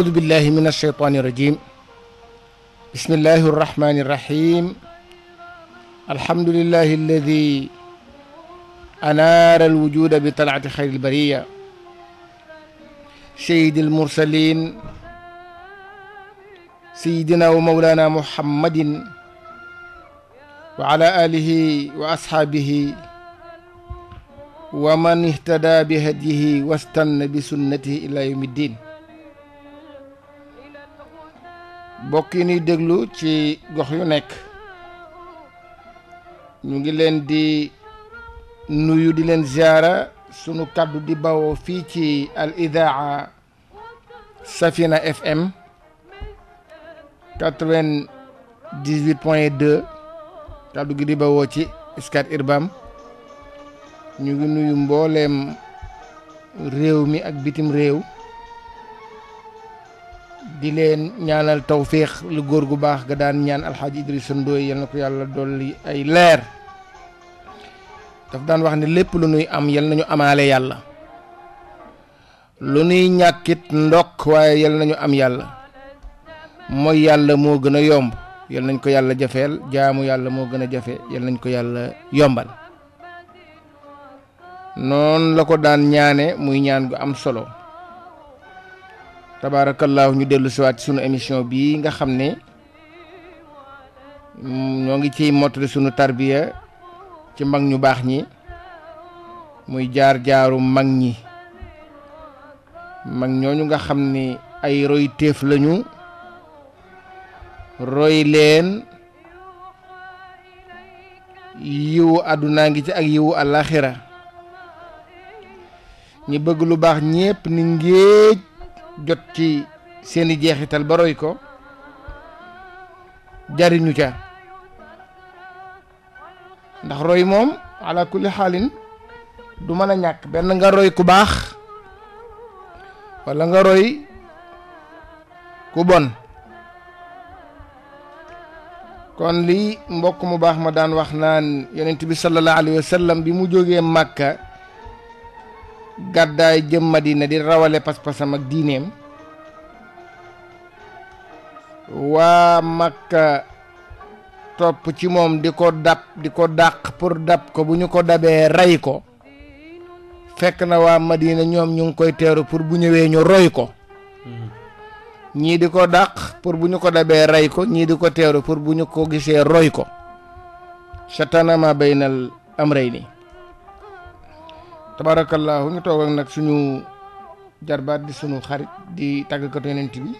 أعوذ بالله من الشيطان الرجيم بسم الله الرحمن الرحيم الحمد لله الذي أنار الوجود بطلعة خير البرية سيد المرسلين سيدنا ومولانا محمد وعلى آله وأصحابه ومن اهتدى بهديه واستنى بسنته إلى يوم الدين mbokk yi ñuy déglu ci gox yu nekk ñu ngi leen di nuyu di leen ziara sunu kàddu di bawoo fii ci al idaa Safina FM quatre vingt dix kàddu gi di bawoo ci Scat Urbam ñu ngi nuyu mbooleem réew mi ak bitim réew. di len ñaanal tawfiq lu gor gu bax ga daan ñaan alxaaji ko yalla dolli ay leer daf daan wax ni lepp lu nuy am yalla nañu amale yalla lu nuy ñakit ndok waye yalla nañu am yalla moy yalla mo gëna yomb yalla nañ ko yalla jafel jaamu yalla mo gëna jafé jafe nañ ko yalla yombal non la ko daan ñaané muy ñaan gu am solo tabarakallah ñu dellu siwaat ci sunu émission bi nga xam ne ñoo ngi ci mottali sunu tarbiya ci mag ñu baax ñi muy jaar-jaaru mag ñi mag ñooñu nga xam ni ay roy teef lañu roy leen yiwu aduna ngi ci ak yiwu ñi bëgg lu baax ñépp ni ngéej jot ci seeni jeexital ba roy ko jariñu ca ndax roy moom ala kulli xaalin du mën a ñàkk benn nga roy ku baax walla nga roy ku bon kon lii mbokk mu baax ma daan wax naan yonent bi sallallahu alayhi wa bi mu jógee màkka gàddaay jëm Madina di rawale pas-pasam ak diineem waa Makka topp ci moom di ko dab di ko dàq pour dab ko bu ñu ko dabee rey ko fekk na waa Madina ñoom ñu ngi koy teeru pour bu ñëwee ñu roy ko ñii di ko dàq pour bu ñu ko dabee rey ko ñii di ko teeru pour bu ñu ko gisee roy ko chatanama baynal amrayni tabarakallah ñu toog nak suñu jarbaat di suñu xarit di tàggkatu yonent bi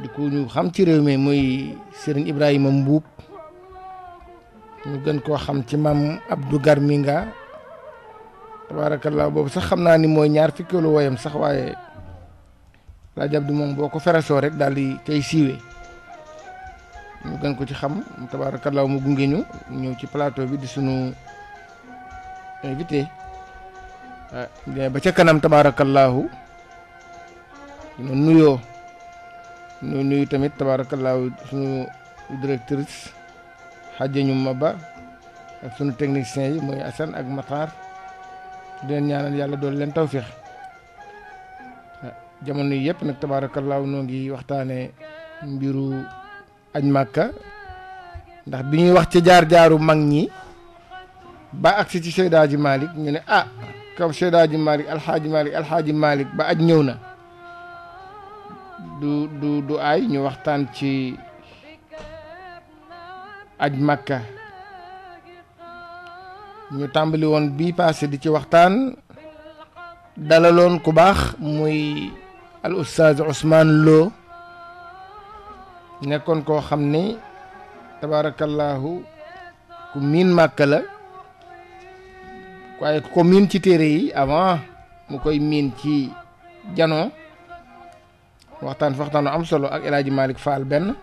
di ko ñu xam ci réew mi muy serigne ibrahima mbub ñu gën ko xam ci mam abdou garminga tabarakallah bobu sax xamna ni moy ñaar fikkeelu woyam sax waye la jab di mom boko feraso rek dal di tay siwe ñu gën ko ci xam tabarakallah mu gungé ñu ñew ci plateau bi di suñu invité eh, gitu ya. eh. dina ba ca kanam tabarakallahu dina nuyo nu nuyu tamit tabarakallahu sunu directrice xajja ñu mabba ak sunu technicien yi moy asan ak matar den ñaanal yalla dool leen tawfiq eh, jamono yep nak tabarakallahu no ngi waxtane mbiru aj màkka ndax biñuy wax ci jaar jaaru mag ñi ba agsi ci Seydi Hadji ñu ne ah comme Seydi Hadji Malick alxaaji Malick alxaaji Malick ba aj ñëw na du du du ay ñu waxtaan ci aj Makka ñu tàmbali woon bii passé di ci waxtaan dalaloon ku baax muy al ustaaz Ousmane Lo nekkoon koo xam ni tabaarakallaahu ku miin màkk la waaye ku ko miin ci téere yi avant mu koy miin ci janoo waxtaan waxtaan waxtaanu am solo ak El Hadj Malick Fall benn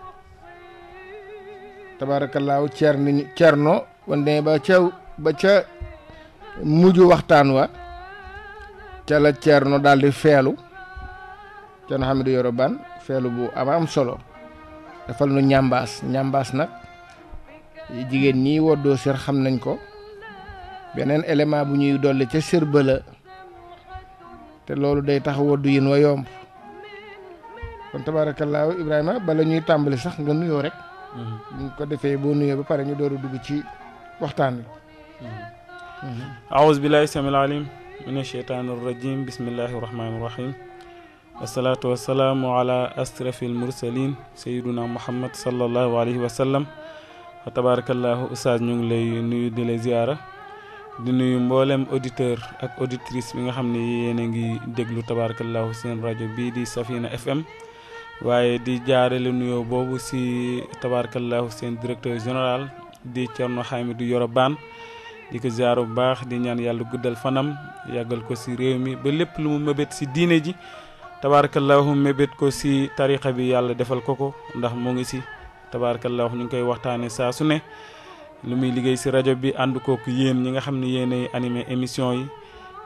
tabaarakallaahu cerni cerno wande ba ca ba ca mujj waxtaan wa ca la cerno daal di feelu cerno Hamidou Yoro Bane feelu bu am am solo defal nu ñambaas ñambaas nag jigéen ñi woddoo sër xam nañ ko beneen élément bu ñuy dolli ca sërba te loolu day tax woddu yin wa yomb kon tabaarakallaahu Ibrahima bala ñuy tàmbali sax nga nuyoo rek mm-hmm. ñu ko defee boo nuyoo ba pare ñu door a dugg ci waxtaan wi mm-hmm. aouzu billahi samil alim min asheytaani arrajim bismillahi arrahmani irrahim wasalaatu wasalaamu ala asrafi almursalin sayiduna muhammad sallallahu alayhi wa sallam wa tabaarakallaahu ustaas ñu ngi lay nuyu di lay ziyaara di nuyu mboolem auditeur ak auditrice bi nga xam ne yéen ngi déglu tabarakallahu seen rajo bii di Safina FM waaye di jaarale nuyoo boobu si tabarakallahu seen directeur général di Thierno Hamidou Yoro Bane di ko ziar bu baax di ñaan yàlla guddal fanam yàggal ko si réew mi ba lépp lu mu mébét si diine ji tabarakallahu mébét ko si tarixa bi yàlla defal ko ko ndax mu ngi si tabarakallahu ñu ngi koy waxtaane saa su ne lu muy liggéey si rajo bi ànd kooku yéen ñi nga xam ne yéenay animé émission yi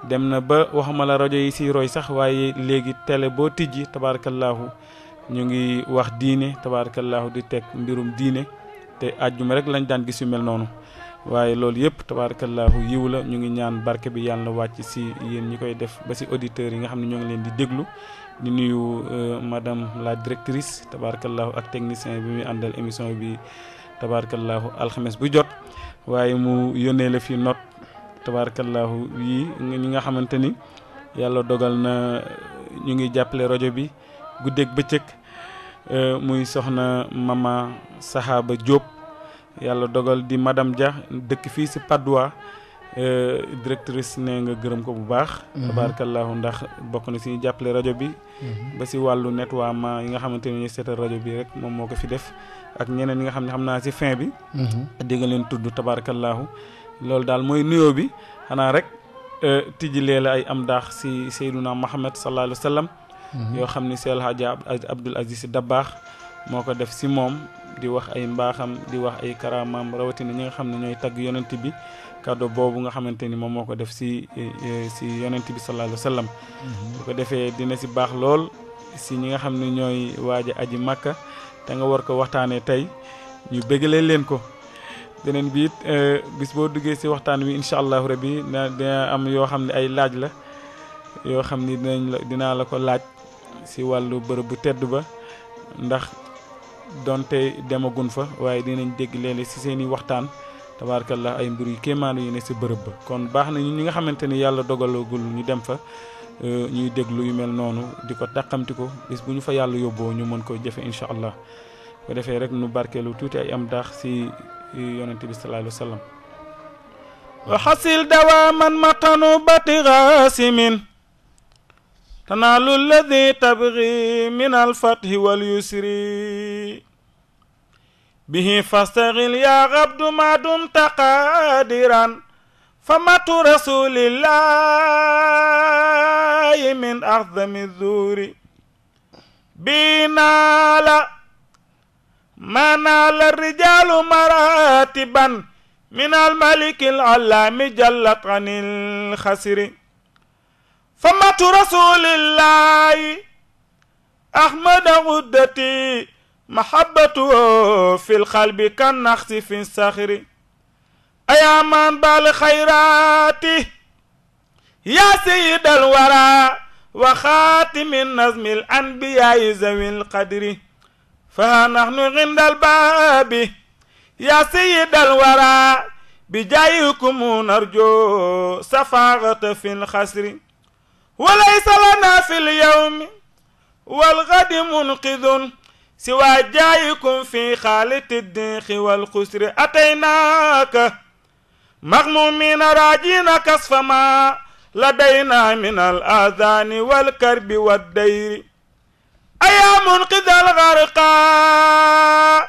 dem na ba waxuma la rajo yi si roy sax waaye léegi télé boo tijji tabaarakallaahu ñu ngi wax diine tabaarakallaahu di teg mbirum diine te àjjuma rek lañ daan gis yu mel noonu waaye loolu yëpp tabaarakallaahu yiw la ñu ngi ñaan barke bi yàlla wàcc si yéen ñi koy def ba si auditeurs yi nga xam ne ñoo ngi leen di déglu di nuyu euh, madame la directrice tabaarakallaahu ak technicien bi muy àndal émission bi tabaarakallaahu alxames bu jot waaye mu yónnee la fi not tabaarakallaahu yii ñi nga xamante ni yàlla dogal na ñu ngi jàppale rajo bi guddeeg bëccëg e, muy soxna mama Sahaba Diop yàlla dogal di madam ja dëkk fii si Padois e, directrice ne nga gërëm ko bu baax mhm. tabarakallahu ndax bokk na si jàppale rajo bi mhm. ba si wàllu nettoiement yi nga xamante ne ñu seetal rajo bi rek moom moo ko fi def ak ñeneen ñi nga xam ne xam naa si fin bi. Mhm. di nga leen tudd tabaarakallaahu loolu daal mooy nuyoo bi xanaa rek e, tijjilee la ay am daax si Seyduna Muhammad sallallahu alayhi wa sallam. Mhm. yoo xam ni Seydi El Hadji Abdoul Aziz Sy baax moo ko def si moom di wax ay mbaaxam di wax ay karaamaam rawatina ñi nga xam ne ñooy tagg yonent bi. kàddu boobu nga xamante ni moom moo ko def si si e, e, yonent bi sallallahu alayhi wa mhm. ko defee dina si baax lool si ñi nga xam ne ñooy waaj a aji màkka te nga war ko waxtaanee tey ñu bëggalee leen ko beneen bi it euh, bis boo duggee ci waxtaan wi incha allahu rabbi na dina am yoo xam ne ay laaj la yoo xam ni dinañ la dinaa la ko laaj ci wàllu bërëb bu tedd ba ndax donte demagun fa waaye dinañ dégg leen ci seeni waxtaan tabaarakallah ay mbir yu kéemaanu yu ne ci bërëb ba kon baax na ñu ñi nga xamante ni yàlla dogalagul ñu dem fa ñuy déglu yu mel noonu di ko tàqamti ko bis bu ñu fa yàlla yóbboo ñu mën ko jëfe incha allah ko defee rek nu barkeelu tuuti ay am daax si yonente bi sallallahu alayhi wa sallam وحصل دواما مطن بات غاسم تنال الذي تبغي من الفتح واليسر به فاستغل يا عبد ما دمت قادرا فمات رسول الله الله من أعظم الذور بنال ما نال الرجال مراتبا من الملك العلام جلت عن الخسر فمة رسول الله أحمد غدتي محبته في القلب كالنخس في الصخر أيا من بالخيرات يا سيد الورى وخاتم النظم الأنبياء ذوي القدر فها نحن عند الباب يا سيد الورى بجايكم نرجو سفاغة في الخسر وليس لنا في اليوم والغد منقذ سوى جايكم في خالة الدنخ والخسر أتيناك مغمومين راجين كصف ما لدينا من الآذان والكرب والدير أيا منقذ الغرقاء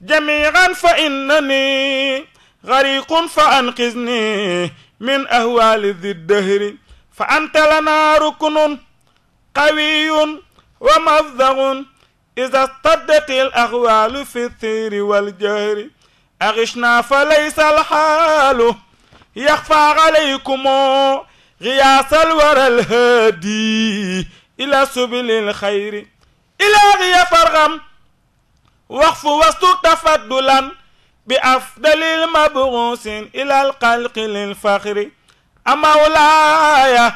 جميعا فإنني غريق فأنقذني من أهوال ذي الدهر فأنت لنا ركن قوي ومفزع إذا اصطدت الأهوال في الثير والجهر أغشنا فليس الحال يخفى عليكم xiyaasal waral hadi ila subilil xayri ilaahiya farxam wax fu wastu tafaddulan bi afdalil mabruusin ilal xalqi lil faxri amawlaaya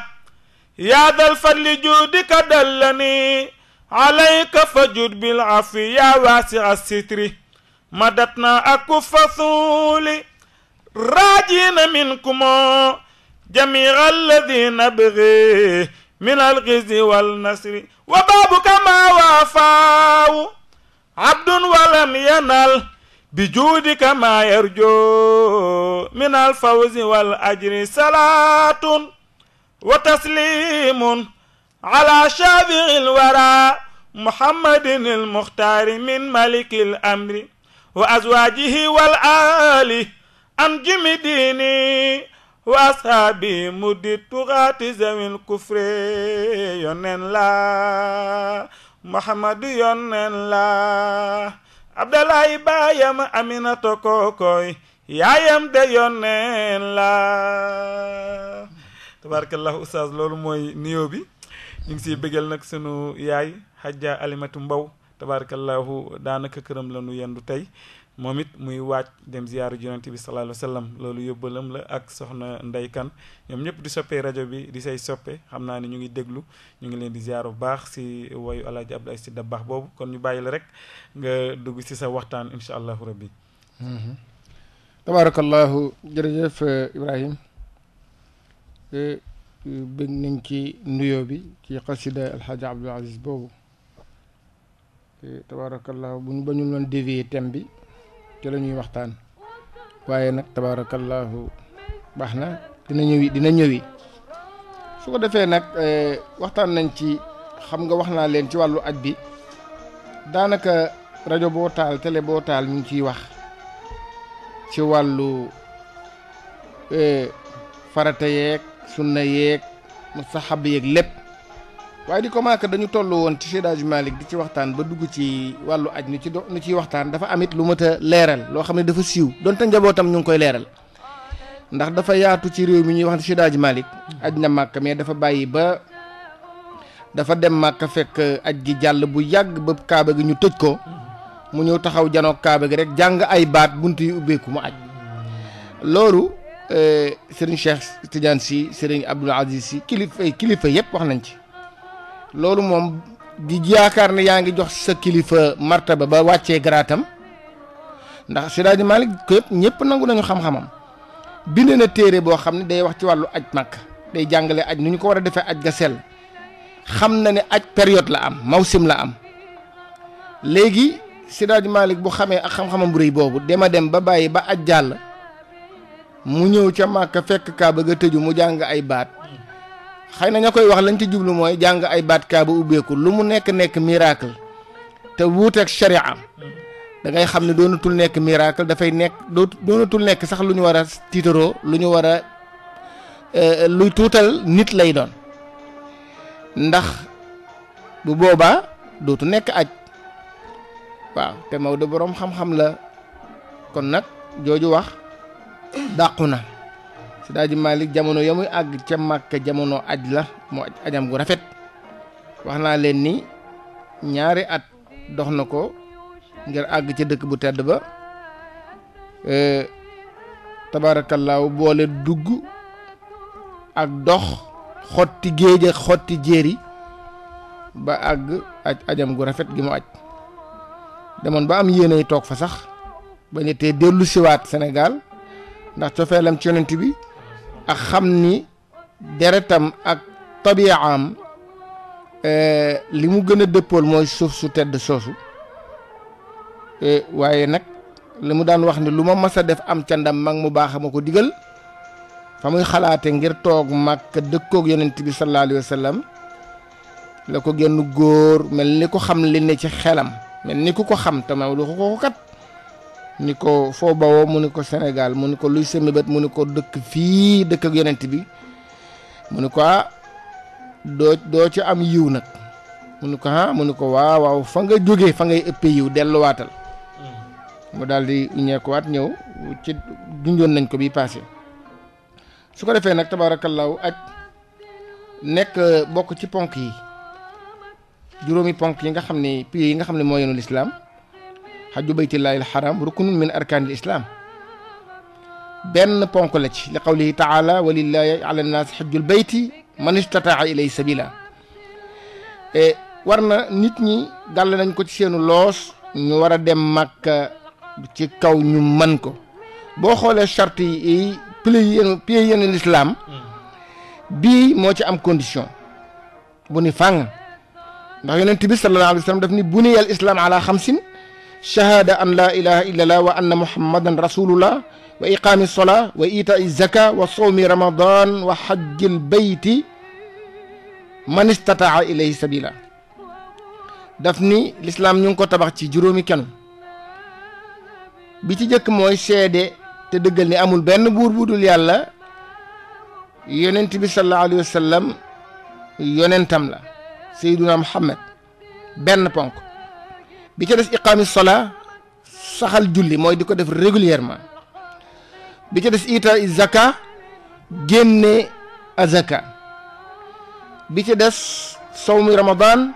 yaa dal fadli juudika dallani alayka fajud bil afi yaa waasi asitri madatna ak ku fasuli raajina minkumoo جميع الذي نبغيه من الغز والنسر وبابك ما وافاه عبد ولم ينل بجودك ما يرجو من الفوز والأجر صلاة وتسليم على شافع الورى محمد المختار من ملك الأمر وأزواجه والآل أنجم ديني wasaabi mu di tuxaati zawil kufre yoneen la muhammadu yoneen la abdalaay baayam aminata kookoy yaayam de yoneen la tabarakallahu ustaas loolu mooy nuyoo bi ñu ngi siy bëggal nag sunu yaay xajja alimatu mbaw tabarakallahu daanaka këram la nu yendu tey momit muy wacc dem ziaru yonnati bi sallallahu alayhi wasallam sallam yobbalam la ak soxna nday kan ñom ñep di soppé radio bi di say soppe xamna ni ñu ngi déglu ñu ngi leen di ziaru bax ci si wayu alaaji Abdoulaye da dabbaax boobu kon ñu bayil rek nga dugg ci sa waxtaan inshallah rabbi hmm tabarakallahu jërëjëf eh, Ibrahim eh, bëgg nañ ci nuyo bi ci qasida alxaaji Abdoul Aziz boobu eh, tabarakallahu tabarakallah buñu bañul non dévier thème bi ci la ñuy waxtaan waaye nag tabaarakallaahu baax na dina ñëwi dina ñëwi su ko defee nag eh, waxtaan nañ ci xam nga wax naa leen ci wàllu aj bi daanaka rajo boo taal télé boo taal ñu ngi ciy wax ci wàllu eh, farata yeeg sunna yeeg xab yeeg lépp waaye di ko maaka dañu toll woon ci Seydi Hadji Malick di ci waxtaan ba dugg ci wàllu aj ni ci do nu ciy waxtaan dafa amit lu mat a leeral loo xam ne dafa siiw te njabootam ñu ngi koy leeral ndax dafa yaatu ci réew mi ñuy wax ne Seydi Hadji malik aj na màkk mais dafa bàyyi ba dafa dem màkk fekk aj gi jàll bu yàgg ba kaaba gi ñu tëj ko mu ñëw taxaw janoog kaaba gi rek jàng ay baat bunt yi ubbeeku mu aj loolu eh, Serigne Cheikh Tidiane si Serigne Abdoul Aziz Sy kilifa yëpp wax nañ ci loolu moom di yaakaar ne yaa ngi jox sa kilifa martaba ba wàccee garaatam ndax Seydi Hadji Malick képp ñëpp nangu nañu xam-xamam bind na téere boo xam ne day wax ci wàllu aj Makka day jàngale aj nu ñu ko war a defee aj gasel xam na ne aj période la am mawsim la am léegi Seydi Hadji Malick bu xamee ak xam-xamam bu rëy boobu dema dem ba bàyyi ba aj jàll mu ñëw ca Makka fekk kaa bëgg a tëju mu jàng ay baat xëy na ña koy wax lañ ci jublu mooy jàng ay baat kaa ba ubbeeku lu mu nekk nekk miracle te wuuteeg sharia da ngay xam ne doonatul nekk miracle dafay nekk doonatul nekk sax lu ñu war a tiitaroo lu ñu war a euh, luy tuutal nit lay doon ndax bu boobaa dootu nekk aj waaw te Maodo boroom xam-xam la kon nag jooju wax dàqu na. si daaji Malick jamono ya muy àgg ca Màkka jamono aj la mu ajam gu rafet wax naa leen ni ñaari at dox na ko ngir àgg ca dëkk bu tedd ba e, tabaarakallaahu boole dugg ak dox xotti géej ak xotti jéeri ba àgg aj ajam gu rafet gi mu aj demoon ba am yéenay toog fa sax ba ñettee dellu siwaat Sénégal ndax cofeelam ci yonent bi ak xam ni deretam ak tabiaam li mu gën a dëppool mooy suuf su tedd soosu waaye nag li mu daan wax ni lu ma mas a def am ca ndam mag mu baax ma ko digal fa muy xalaate ngir toog màkk dëkkoog yonent bi sallallahu alayhi wa sallam la ko génn góor mel ni ko xam li ne ci xelam mel ni ku ko xam tamaw lu ko ko kat ni ko foo bawoo mu ne ko Sénégal mu ne ko luy semibét mu ni ko dëkk fii dëkk ak yonent bi mu ne ko ah doo doo ci am yiw nag mu ni ko ah mu ne ko waaw waaw fa nga jóge fa ngay ëppee yiw delluwaatal hmm. mu daal di ñeekuwaat ñëw ci dunjoon nañ ko bi passé su ko defee nag tabaarakallaahu ak nekk bokk ci ponk yi juróomi ponk yi nga xam ne pays yi nga xam ne moo yenu lislaam حج بيت الله الحرام ركن من أركان الإسلام بن بونكولتش لقوله تعالى ولله على الناس حج البيت من استطاع إليه سبيلا ورنا نتني قال لنا نكو تسينو لوس نورا دم مكة تكاو نمانكو بوخول الشرطي إي بيين الإسلام بي موتي أم كونديشن بني فان ndax yonent bi sallallahu alayhi wasallam daf ni buniyal islam ala 50 شهادة أن لا إله إلا الله وأن محمدا رسول الله وإقام الصلاة وإيتاء الزكاة وصوم رمضان وحج البيت man istataa ilayhi sabila daf ni lislaam ñu ngi ko tabax ci juróomi kenu bi ci jëkk mooy seede te dëggal ni amul benn buur bu dul yàlla yonent bi sallallahu alayhi wa sallam yonentam la sayyiduna muhammad benn ponk bi ca des iqaami sola saxal julli mooy di ko def régulièrement bi ca des ita zaka génne azaka bi ca des sawmi ramadan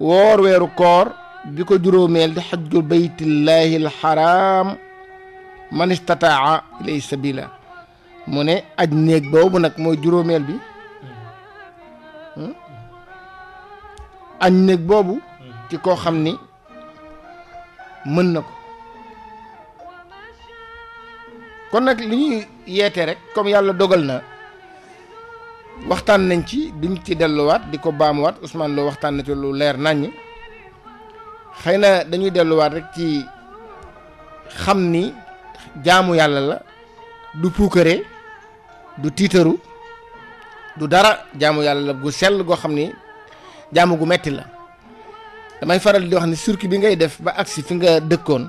woor weeru koor bi ko juróomeel di xajju baytillahi alxaram man istataa ilay sabila mu ne aj néeg boobu nag mooy juróomeel bi aj néeg boobu ci koo xam ni mën na ko kon nag li ñuy yeete rek comme yàlla dogal na waxtaan nañ ci duñ ci delluwaat di ko baamuwaat usmaan Lo waxtaan na ci lu leer naññ xëy na dañuy delluwaat rek ci xam ni jaamu yàlla la du puukare du tiitaru du dara jaamu yàlla la gu sell goo xam ni jaamu gu metti la damay faral di wax ni surki bi ngay def ba agsi fi nga dëkkoon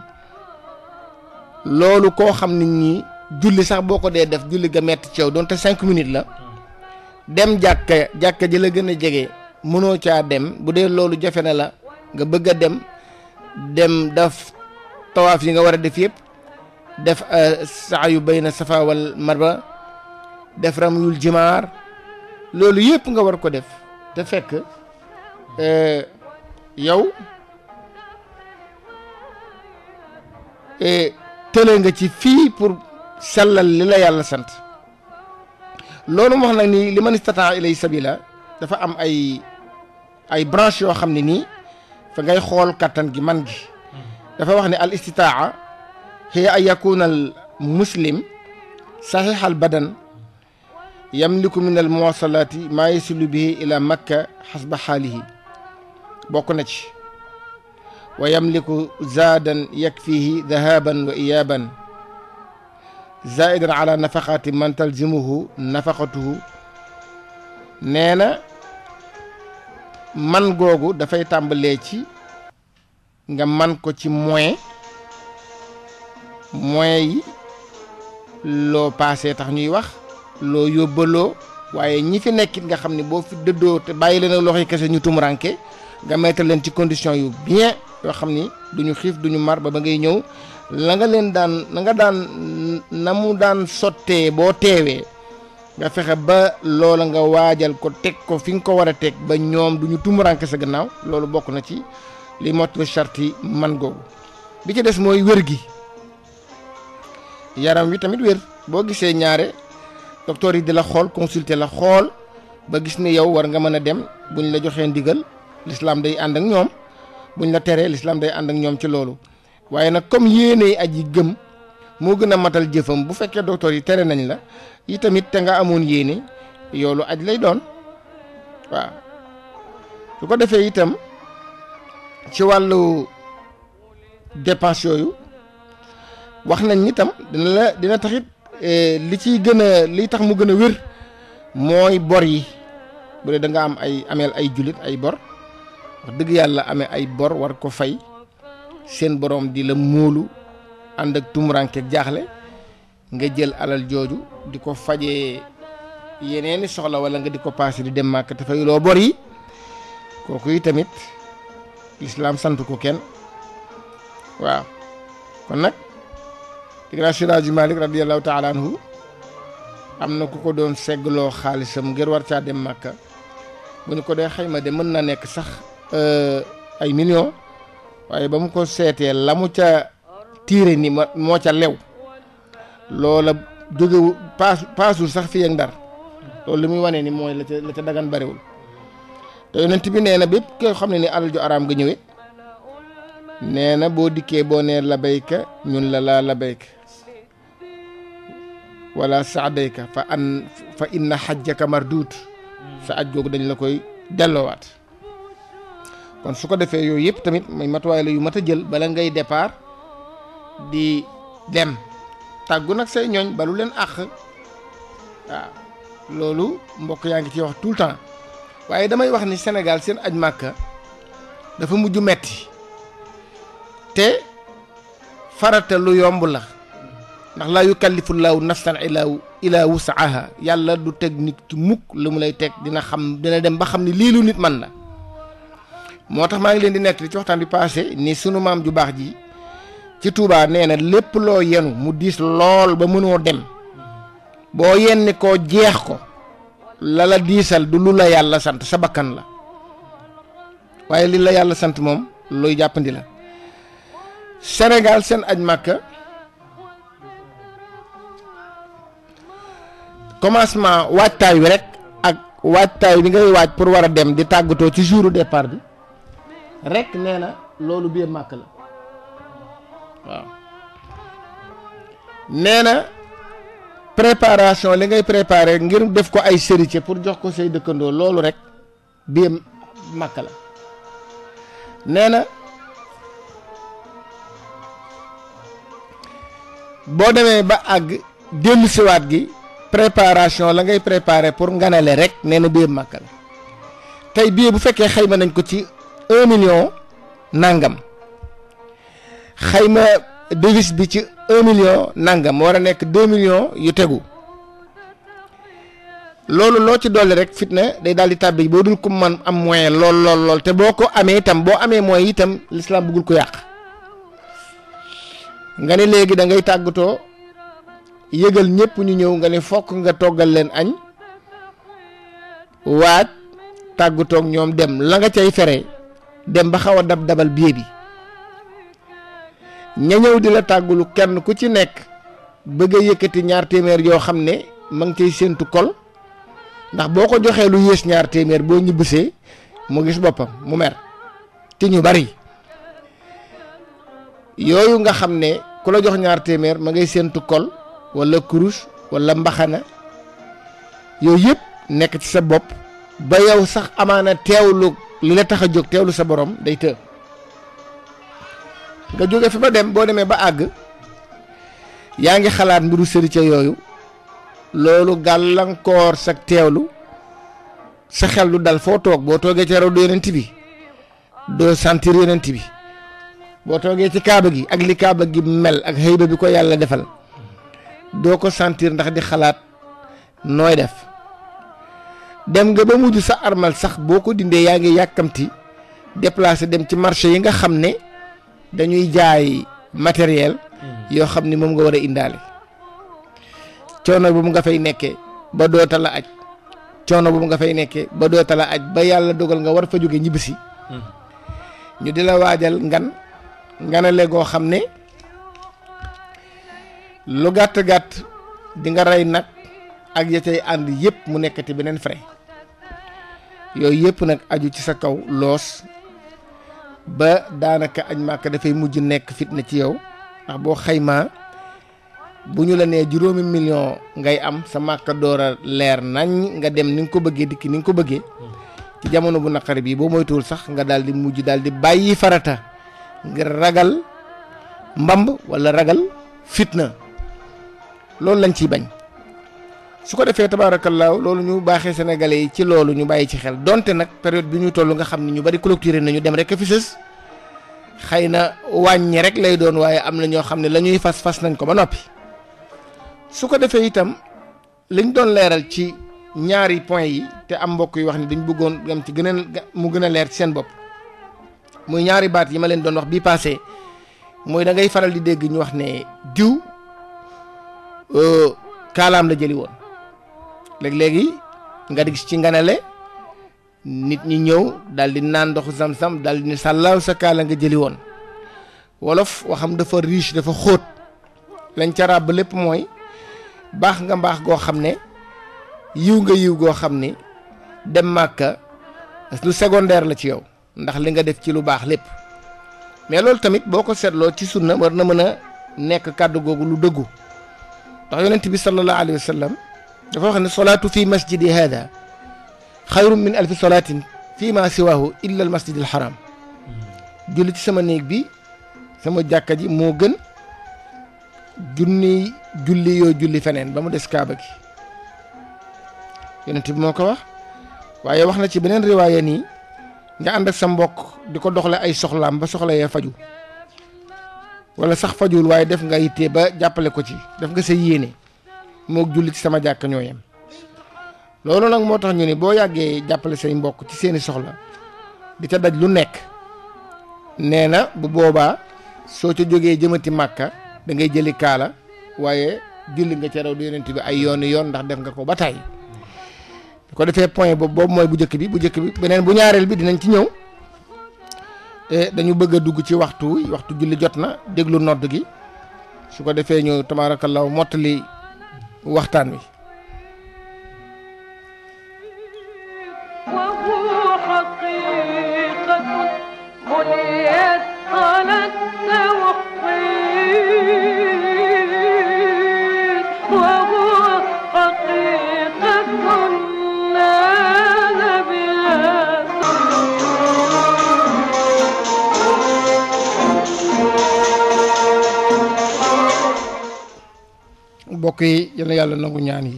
loolu koo xam ne ñi julli sax boo ko dee def julli ga metti ci yow donte cinq minutes la dem jàkka jàkka ji la gën a jege mënoo caa dem bu dee loolu jafe na la nga bëgg a dem dem daf tawaaf yi nga war a def yëpp def euh, saa yu na safa wal marwa def ramyul jimaar loolu yëpp nga war ko def te fekk euh, yow e tële nga ci fi pour sellal li la yàlla sant lolu wax nak ni li man istataa ilay sabila dafa am ay ay branche yo xamni ni fa ngay xol katan gi man gi dafa wax ni al istitaa hiya ay yakuna al muslim sahih al badan يملك من المواصلات ما يصل به إلى مكة حسب حاله bokk na ci wa yamliku zaadan yakfihi dahaban wa iyaaban zaidan ala nafaqati man talzimuhu nafaqatuhu nee na man googu dafay tàmbalee ci nga man ko ci moyen moyen yi loo paasee tax ñuy wax loo yóbbaloo waaye ñi fi nekkit nga xam ni boo fi dëddoo te bàyyi leen ak kese ñu tumuranke nga mettre leen ci condition yu bien yoo xam ni duñu xiif duñu mar ba ba ngay ñëw la nga leen daan na nga daan na mu daan sottee boo nga fexe ba loola nga waajal ko teg ko fi nga ko war a ba ñoom duñu tumuranke sa gannaaw loolu bokk na ci li mottali charti man googu bi ci des mooy wér gi yaram wi tamit wér boo gisee ñaare docteur yi di la consulter la ba gis yow war nga dem buñ la ndigal l'islam day ànd ak ñoom buñ la teree l'islam day ànd ak ñoom ci loolu waaye nag comme yéene aji gëm moo gën a matal jëfam bu fekkee docteur yi tere nañ la yi tamit te nga amoon yéene yoolu aj lay doon waaw su ko defee itam ci wàllu dépense yooyu wax nañ ni dina la dina taxit eh, li ciy gën a liy tax mu gën a wér mooy bor yi bu dee da am ay ameel ay jullit ay bor wax dëgg yàlla amee ay bor war ko fay seen borom di la móolu ànd ak tumurankeeg jaaxle nga jël alal jooju di ko fajee yeneeni soxla wala nga di ko di dem màkk te fayuloo bor yi kooku yi tamit lislaam sant ko kenn waaw kon nag Ibrahima Siraju Malik radiyallahu taala anhu am na ku ko doon seggloo xaalisam ngir war caa dem màkka bu ñu ko dee xayma de mën na nekk sax Euh, ay millions waaye ba mu ko seetee la mu ca tiire ni moo ca lew loola jógewu paas paasul sax fii ak ndar loolu li muy wane ni mooy la ca la ca dagan bariwul te yonent bi nee bépp ko xam ne ni alal ju araam nga ñëwee nee boo dikkee boo nee labayka ñun la laa labayka wala saadayka fa an fa inna xajjaka marduut sa aj googu dañ la koy delloowaat kon su ko defee yooyu yëpp tamit may matuwaay la yu jël bala ngay départ di dem tàggu nag say ñooñ balu leen àq waaw loolu mbokk yaa ngi ciy wax tout temps waaye damay wax ni Sénégal seen aj màkka dafa mujj metti te farata lu yomb la ndax laa yukallifu llahu nafsan ila ila wusaaha yàlla du teg nit ki mukk lu mu lay teg dina xam dina dem ba xam ni lii lu nit man la moo tax maa ngi leen di nettali ci waxtaan bi passé ni sunu maam ju baax ji ci Touba nee na lépp loo yenu mu diis lool ba mënoo dem boo yenni koo jeex ko la la diisal du lu la yàlla sant sa bakkan la waaye li la yàlla sant moom looy jàppandi la Sénégal seen aj màkk commencement waajtaay wi rek ak waajtaay bi ngay waaj pour war a dem di tàggatoo ci jouru départ bi rek nee na loolu biir màkk la waaw nee na préparation li ngay préparer ngir def ko ay charité pour jox ko say dëkkandoo loolu rek biir màkk la nee na boo demee ba àgg dellu siwaat gi préparation la ngay préparer pour nganale rek nee na biir màkk la tey bii bu fekkee xayma nañ ko ci un million nangam xayma devise bi ci un million nangam war a nekk deux million yu tegu loolu loo ci dolli rek fitna day daal di tàbbi boo dul ko man am moyen lool lool te boo ko amee itam boo amee moyen itam l'islam bëggul ko yàq nga ne léegi da ngay tàggatoo yëgal ñépp ñu ñëw nga ne fokk nga toggal leen añ waaj tàggatoog ñoom dem la nga cay fere dem ba xaw a dab dabal biee bi ña ñëw di la tàggulu kenn ku ci nekk bëgg a yëkkati ñaar téeméer yoo xam ne ma ngi cay séentu kol ndax boo ko joxee lu yées ñaar téeméer boo ñibbisee mu gis boppam mu mer ci ñu bari yooyu nga xam ne ku la jox ñaar téeméer ma ngay séentu kol walla kurus walla mbaxana yooyu yépp nekk ci sa bopp ba yow sax amaana teewlu li la tax a jóg teewlu sa borom day të nga jóge fi ba dem boo demee ba àgg yaa ngi xalaat mbiru sëri ca yooyu loolu gàllankoor sa teewlu sa xel lu dal foo toog boo toogee ci raw yonent bi doo sentir yonent bi boo toogee ci kaaba gi ak li kaaba gi mel ak xëyba bi ko yàlla defal doo ko sentir ndax di xalaat nooy def dem nga ba mujj sa armal sax boko dindé ya nga yakamti déplacer dem ci marché yi nga xamné dañuy jaay matériel mm. yo xam mom nga wara indalé indaale bu mu nga fay nekké ba dota la aj coono bu mu nga fay nekké ba dota la aj ba yalla dogal nga war fa jóge ñibisi mm. ñu dila wajal ngan nganale goo xam ne lu gatt gatt di nga ray nak ak yete ya and yep mu nekati benen frais yooyu yëpp nag aju ci sa kaw loos ba daanaka aj màkk dafay mujj nekk fitna ci yow ndax boo xaymaa bu ñu la nee juróomi million ngay am sa màkk door a leer nañ nga dem ni nga ko bëggee dikk ni nga ko bëggee ci jamono bu naqari bii boo moytuwul sax nga daal di mujj daal di bàyyi farata ngir ragal mbamb walla ragal fitna loolu lañ ciy bañ. su ko defee tabaarakallaahu loolu ñu baaxee sénégalais yi ci loolu ñu bàyyi ci xel donte nag période bi ñuy toll nga xam ne ñu bari clôturé nañu dem rek fi sës xëy na wàññi rek lay doon waaye am na ñoo xam ne lañuy fas fas nañ ko ba noppi su ko defee itam liñ doon leeral ci ñaari point yi te am mbokk yi wax ni dañ bëggoon gam ci gën a mu gën a leer ci seen bopp muy ñaari baat yi ma leen doon wax bii passé mooy da ngay faral di dégg ñu wax ne diw euh, kaalaam la jëli woon léeg-léegi nga di gis ci nganale nit ñi ñëw daal di naan ndoxu sam-sam daal di ni sàllaaw sa kaala nga jëli woon wolof waxam dafa riche dafa xóot lañ ca ràbb lépp mooy baax nga mbaax goo xam ne yiw nga yiw goo xam ni dem màkka lu secondaire la ci yow ndax li nga def ci lu baax lépp mais loolu tamit boo ko seetloo ci sunna war na mën a nekk kàddu googu lu dëggu ndax yonent bi sallallahu alayhi wa فخن الصلاة في مسجد هذا خير من ألف صلاة فيما سواه إلا المسجد الحرام جلت سما نيك بي سما جاكا جي موغن جني جلي يو جلي فنين بامو ديس كابك يونتي موكا واخ وايا واخنا سي بنين روايه ني nga and ak sa mbokk di ko doxle ay soxlaam ba soxla yee faju wala sax fajul waaye def nga yitte ba moo julli ci sama jàkk ñoo loolu nag moo tax ñu ne boo yàggee jàppale say mbokk ci seeni soxla di ca daj lu nekk nee na bu boobaa soo ca jógee jëmati màkka dangay ngay jëli kaala waaye julli nga ca raw di yonent bi ay yooni yoon ndax def nga ko ba tàyyi ko defee point boobu boobu mooy bu njëkk bi bu njëkk bi beneen bu ñaareel bi dinañ ci ñëw e, dañu bëgg a dugg ci waxtu waxtu julli jot na déglu nodd gi su ko defee ñu tabaarakallahu mottali waxtaan wi وهو حقيقة بنيت على mbokk yi yal yàlla nangu ñaan yi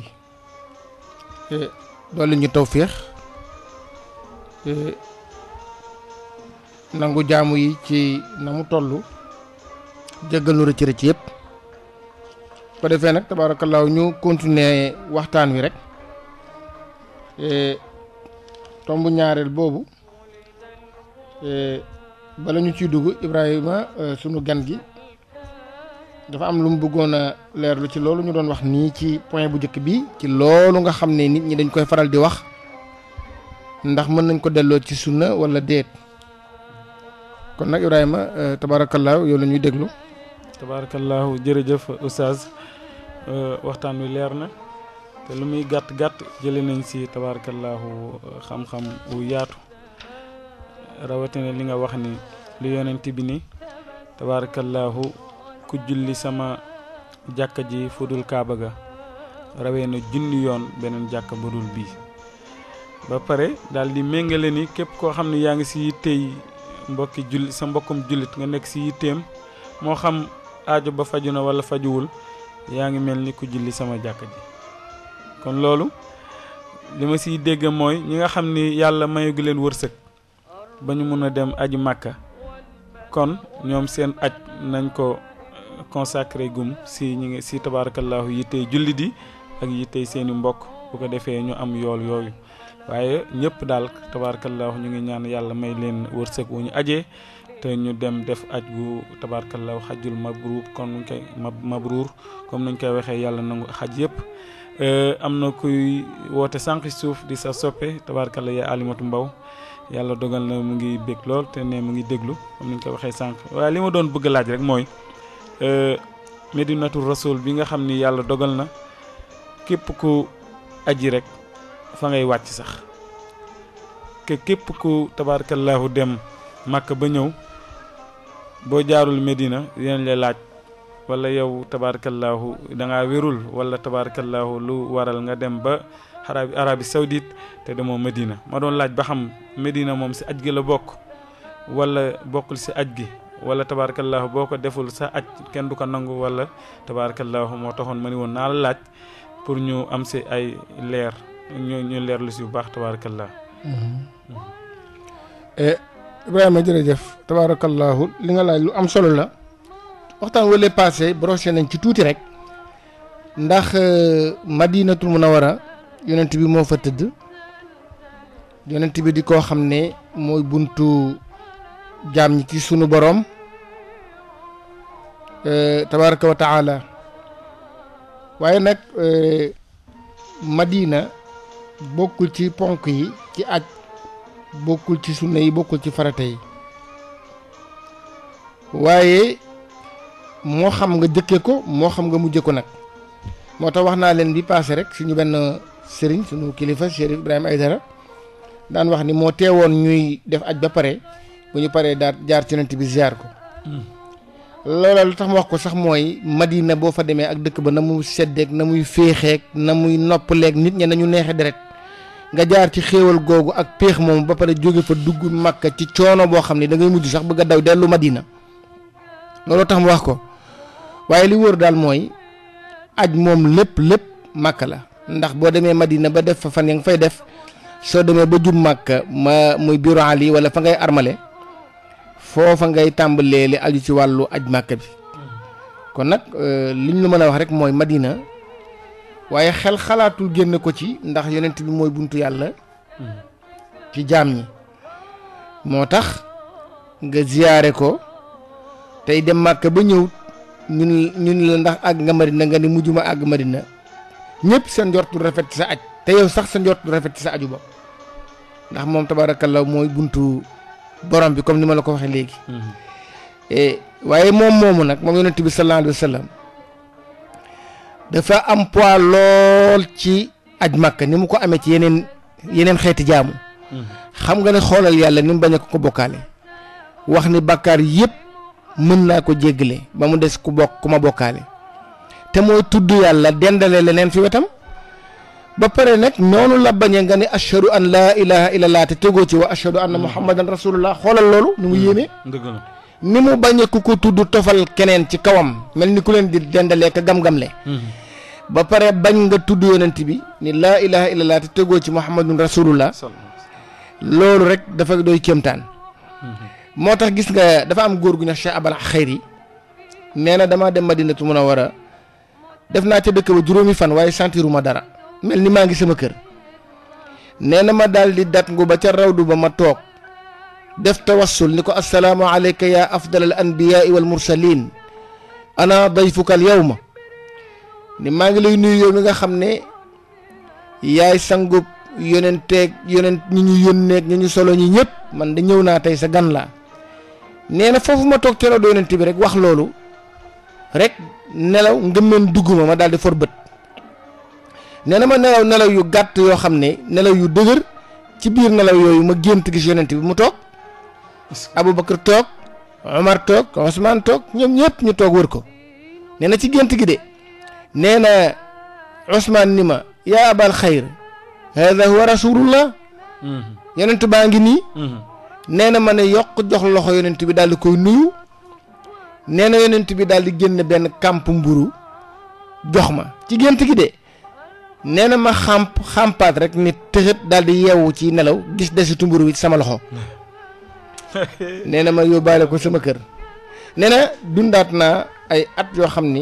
eh, doole ñu tawféex eh, nangu jaamu yi ci na mu toll jéggal nu rëcc rëcc yëpp ko defee nag tabaarakallaahu ñu continuer waxtaan wi rek eh, tomb ñaareel boobu bala ñu ciy dugg Ibrahima sunu gan gi dafa am lu mu bëggoon a leerlu ci loolu ñu doon wax nii ci point bu njëkk bi ci loolu nga xam ne nit ñi dañ koy faral di wax ndax mën nañ ko delloo ci sunna wala déet kon nag Ibrahima euh, tabaarakallaahu yow la ñuy déglu. tabaarakallaahu jërëjëf oustaz euh, waxtaan wi leer na te lu muy gàtt gàtt jëlee nañ si tabaarakallaahu euh, xam-xam bu yaatu rawatina li nga wax ni lu yonent bi ni tabaarakallaahu ku julli sama jakka ji fudul kaaba ga rawee na junni yoon benen jakka budul bi ba pare dal di mengale ni kep ko xamni ci mbokki julli sa mbokkum jullit nga nek si yitem mo xam aaju ba fajuna wala fajuul yaangi melni ku julli sama jakka ji kon lolu lima ci deg moy ñi nga xamni ni mayu mayagu len wërseuk bañu mëna dem aji makka kon ñom seen aj nañ ko consacré gum si ñi si tabarakallah yité julli di ak yité seeni mbokk bu ko défé ñu am yool yooyu waye ñepp dal tabarakallah ñu ngi ñaan yalla may leen wërsek wuñu aje te ñu dem def aj gu tabarakallah hajjul mabrur kon ñu koy mabrur comme nuñ koy waxee yalla nangu xaj yépp euh, am amna kuy wote sànq suuf di sa soppé tabarakallah ya alimatu mbaw yalla dogal na mu ngi bég lool te né mu ngi déglu comme niñ ko waxee sank wa li ma doon bëgg laaj rek moy Euh, Medinatu Rasul bi nga xam ni yàlla dogal na képp ku aji rek fa ngay wàcc sax ke képp ku tabaarkallaahu dem Màkka ba ñëw boo jaarul Medina dinañ la laaj walla yow tabaarkallaahu da ngaa wérul wala tabaarkallaahu lu waral nga dem ba arabi arabi saoudite te demoo Medina ma doon laaj ba xam Medina moom si aj gi la bokk walla bokkul si aj gi. wala tabaarakallaahu boo ko deful sa aj kenn du ko nangu wala tabaarakallaahu moo taxoon ma ni woon naa laaj pour ñu am si ay leer ñu ñu leer lu si bu baax tabaarakallaahu mm-hmm. eh, Ibrahima jërëjëf tabaarakallaahu li nga laaj lu am solo la waxtaan wala passé broché nañ ci tuuti rek ndax euh, madinatul munawara yonent bi moo fa tëdd yonent bi di koo xam ne mooy buntu jaam ñi ci sunu boroom e, tabaraka wa taala waaye nag e, Madina bokkul ci ponk yi ci aj bokkul ci sunna yi bokkul ci farata yi waaye moo xam nga jëkkee ko moo xam nga mujje ko nag moo tax wax naa leen bi passé rek suñu benn sëriñ suñu kilifa Chérif Ibrahima Aïdara daan wax ni moo teewoon ñuy def aj ba pare bu ñu paree daal jaar ci nant bi ziar ko loola lu tax ma wax ko sax mooy madina boo fa demee ak dëkk ba na muy seddeek na muy féexeek na muy noppaleeg nit ña nañu neexe deret nga jaar ci xéewal googu ak péex moom ba pare jóge fa dugg màkka ci coono boo xam ne da ngay mujj sax bëgg a daw dellu madina looloo tax mu wax ko waaye li wër daal mooy aj moom lépp lépp màkka la ndax boo demee madina ba def fa fan ya nga fay def soo demee ba jub màkka ma muy bureau ali wala fa ngay armale foofa ngay tàmbalee li aju ci wàllu aj màkka bi kon nag euh, liñ la mën a wax rek mooy madina waaye xel xalaatul génn ko ci ndax yonent bi mooy buntu yàlla ci jaam ñi moo tax nga ziyaare ko tey dem màkka ba ñëw ñun ñun la ndax àgg nga madina nga ni mujjuma àgg madina ñëpp sa njortu rafet ci sa aj te yow sax sa njortu rafet ci sa aju ba ndax moom tabaarakallaa mooy buntu borom bi comme ni ma la ko waxee léegi. Mhm. E, waaye moom moomu nag moom yonent bi sallallahu alayhi wa dafa am poids lool ci aj Makka ni mu ko amee ci yeneen yeneen xeeti jaamu. Mhm. xam nga ne xoolal yàlla ni mu bañ a ko bokkaale. wax ni bàkkaar yëpp mën naa ko jéggale ba mu des ku bokk ku ma bokkaale te mooy tudd yàlla dendale leneen fi wetam. ba pare nag noonu la bañee nga ne ashhadu an laa ilaha illallah te tegoo ci wa ashhadu anna muhammadan rasulullah xoolal loolu ni mu yéemee ni mu bañee ku ko tudd tofal keneen ci kawam mel ku leen di dendalee ka gam-gamle ba pare bañ nga tudd yonent bi ni laa ilaha illallah te tegoo ci muhammadun rasulullah loolu rek dafa doy kéemtaan moo gis nga dafa am góor gu Cheikh Abal Xayri nee dama dem Madinatu Munawwara def naa dëkk ba juróomi fan waaye sentiruma dara mel ni maa ngi sama kër nee na ma daldi di dat ngu ba ca rawdu ba ma toog def tawassul ni ko assalaamu alayka ya afdal al anbiyaai wal mursalin ana dayfuka al ma ni maa ngi lay nuyu yow mi nga xam ne yaay sangub yonenteeg yonent ñi ñu yónneeg ñi ñu solo ñi ñëpp man da ñëw naa tey sa gan laa nee na foofu ma toog ca rawdu yonent bi rek wax loolu rek nelaw ngëmeen dugg ma ma daal di for bët nee na ma nelaw nelaw yu gàtt yoo xam ne nelaw yu dëgër ci biir nelaw yooyu ma gént gis yonent bi mu toog Aboubacar toog Omar toog Ousmane toog ñoom ñëpp ñu toog wër ko nee na ci gént gi de nee na Ousmane ni ma yaa abal xayr hada huwa rasulullah mm-hmm. yonent baa ngi nii mm-hmm. nee na ma ne yokk jox loxo yonent bi daal di koy nuyu nee na yonent bi daal di génn benn kàmp mburu jox ma ci gént gi de nee na ma xàmp xàmpaat rek nit tëxët daal di yeewu ci nelaw gis desitu mburu wi ci sama loxo nee na ma yóbbaale ko sama kër nee na dundaat naa ay at yoo xam ni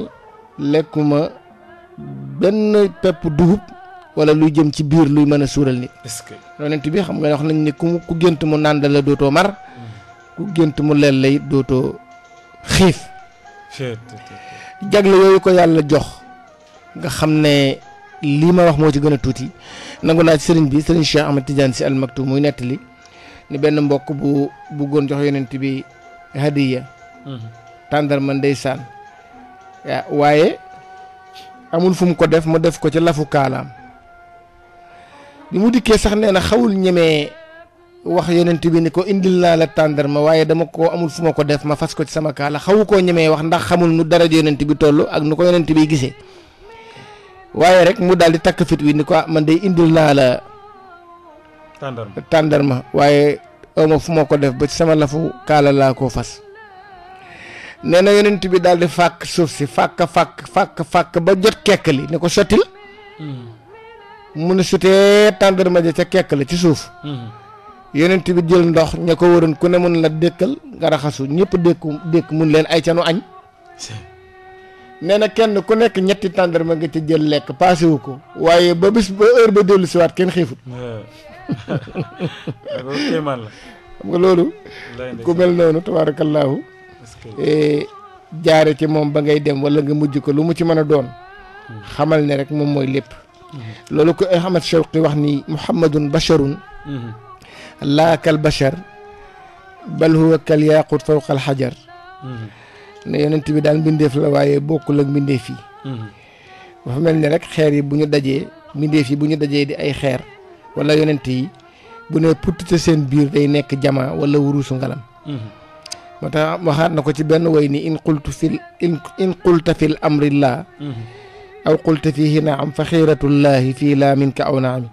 lekkuma benn pepp dugub wala luy jëm ci biir luy mën a suural nit yonent bi xam nga wax nañ ni ku ku gént mu nàndal dootoo mar ku gént mu leel lay dootoo xiif jagle yooyu ko yàlla jox nga xam ne lii ma wax moo ci gën a tuuti nangu naa ci sëriñ bi sëriñ Cheikh Ahmad Tidiane si almaktum muy nettali ni benn mbokk bu bëggoon jox yonent bi hadiya mhm. tàndar man ndeysaan waaye amul fu mu ko def mu def ko ci lafu kaalaam bi mu dikkee sax nee na xawul ñemee wax yonent bi ni ko indil naa la tàndarma waaye dama ko amul fu ma ko def ma fas ko ci sama kaala xawu koo ñemee wax ndax xamul nu dara yonent bi toll ak nu ko yonent bi gisee waaye rek mu daal di takk fit wi ni ko ah, man de indil naa la. tàndarma waaye awma fu ma ko def ba ci sama lafu kaala laa ko fas. nee na yonent bi daal di fàkk suuf si fàkk fàkk fàkk fàkk ba jot kekk li ni ko sottil. Hmm. mu ne sutee tàndarma ja ca kekk la ci suuf. Hmm. yonent bi jël ndox ña ko waroon ku ne mën la dékkal nga raxasu ñëpp dékku dékk mun leen ay canu añ. nee na kenn ku nekk ñetti tàndarma nga ci jël lekk paase wu ko waaye ba bis ba heure ba dellu si waat kenn xiifut. xam nga loolu. ku mel noonu tabaarakallaahu eh, jaare ci moom ba ngay dem walla nga mujj ko lu mu ci mën a doon. xamal ne rek moom mooy lépp. Mm-hmm. loolu ko Ahmad Shawqi wax ni Muhammadun basharun. Mm-hmm. laa kal bashar. bal huwa fawqa al ne yonent bi daal mbindeef la waaye bokkul ak mbindeef yi dafa mel ni rek xeer yi bu ñu dajee mbindeef yi bu ñu dajee di ay xeer wala yonent yi bu ne puttite seen biir day nekk jama wala wurusu ngalam moo tax waxaat na ko ci benn way ni in qultu fil in qulta fil amrillah aw qulta fihi naam fa xiiratullahi fii laa minka aw naami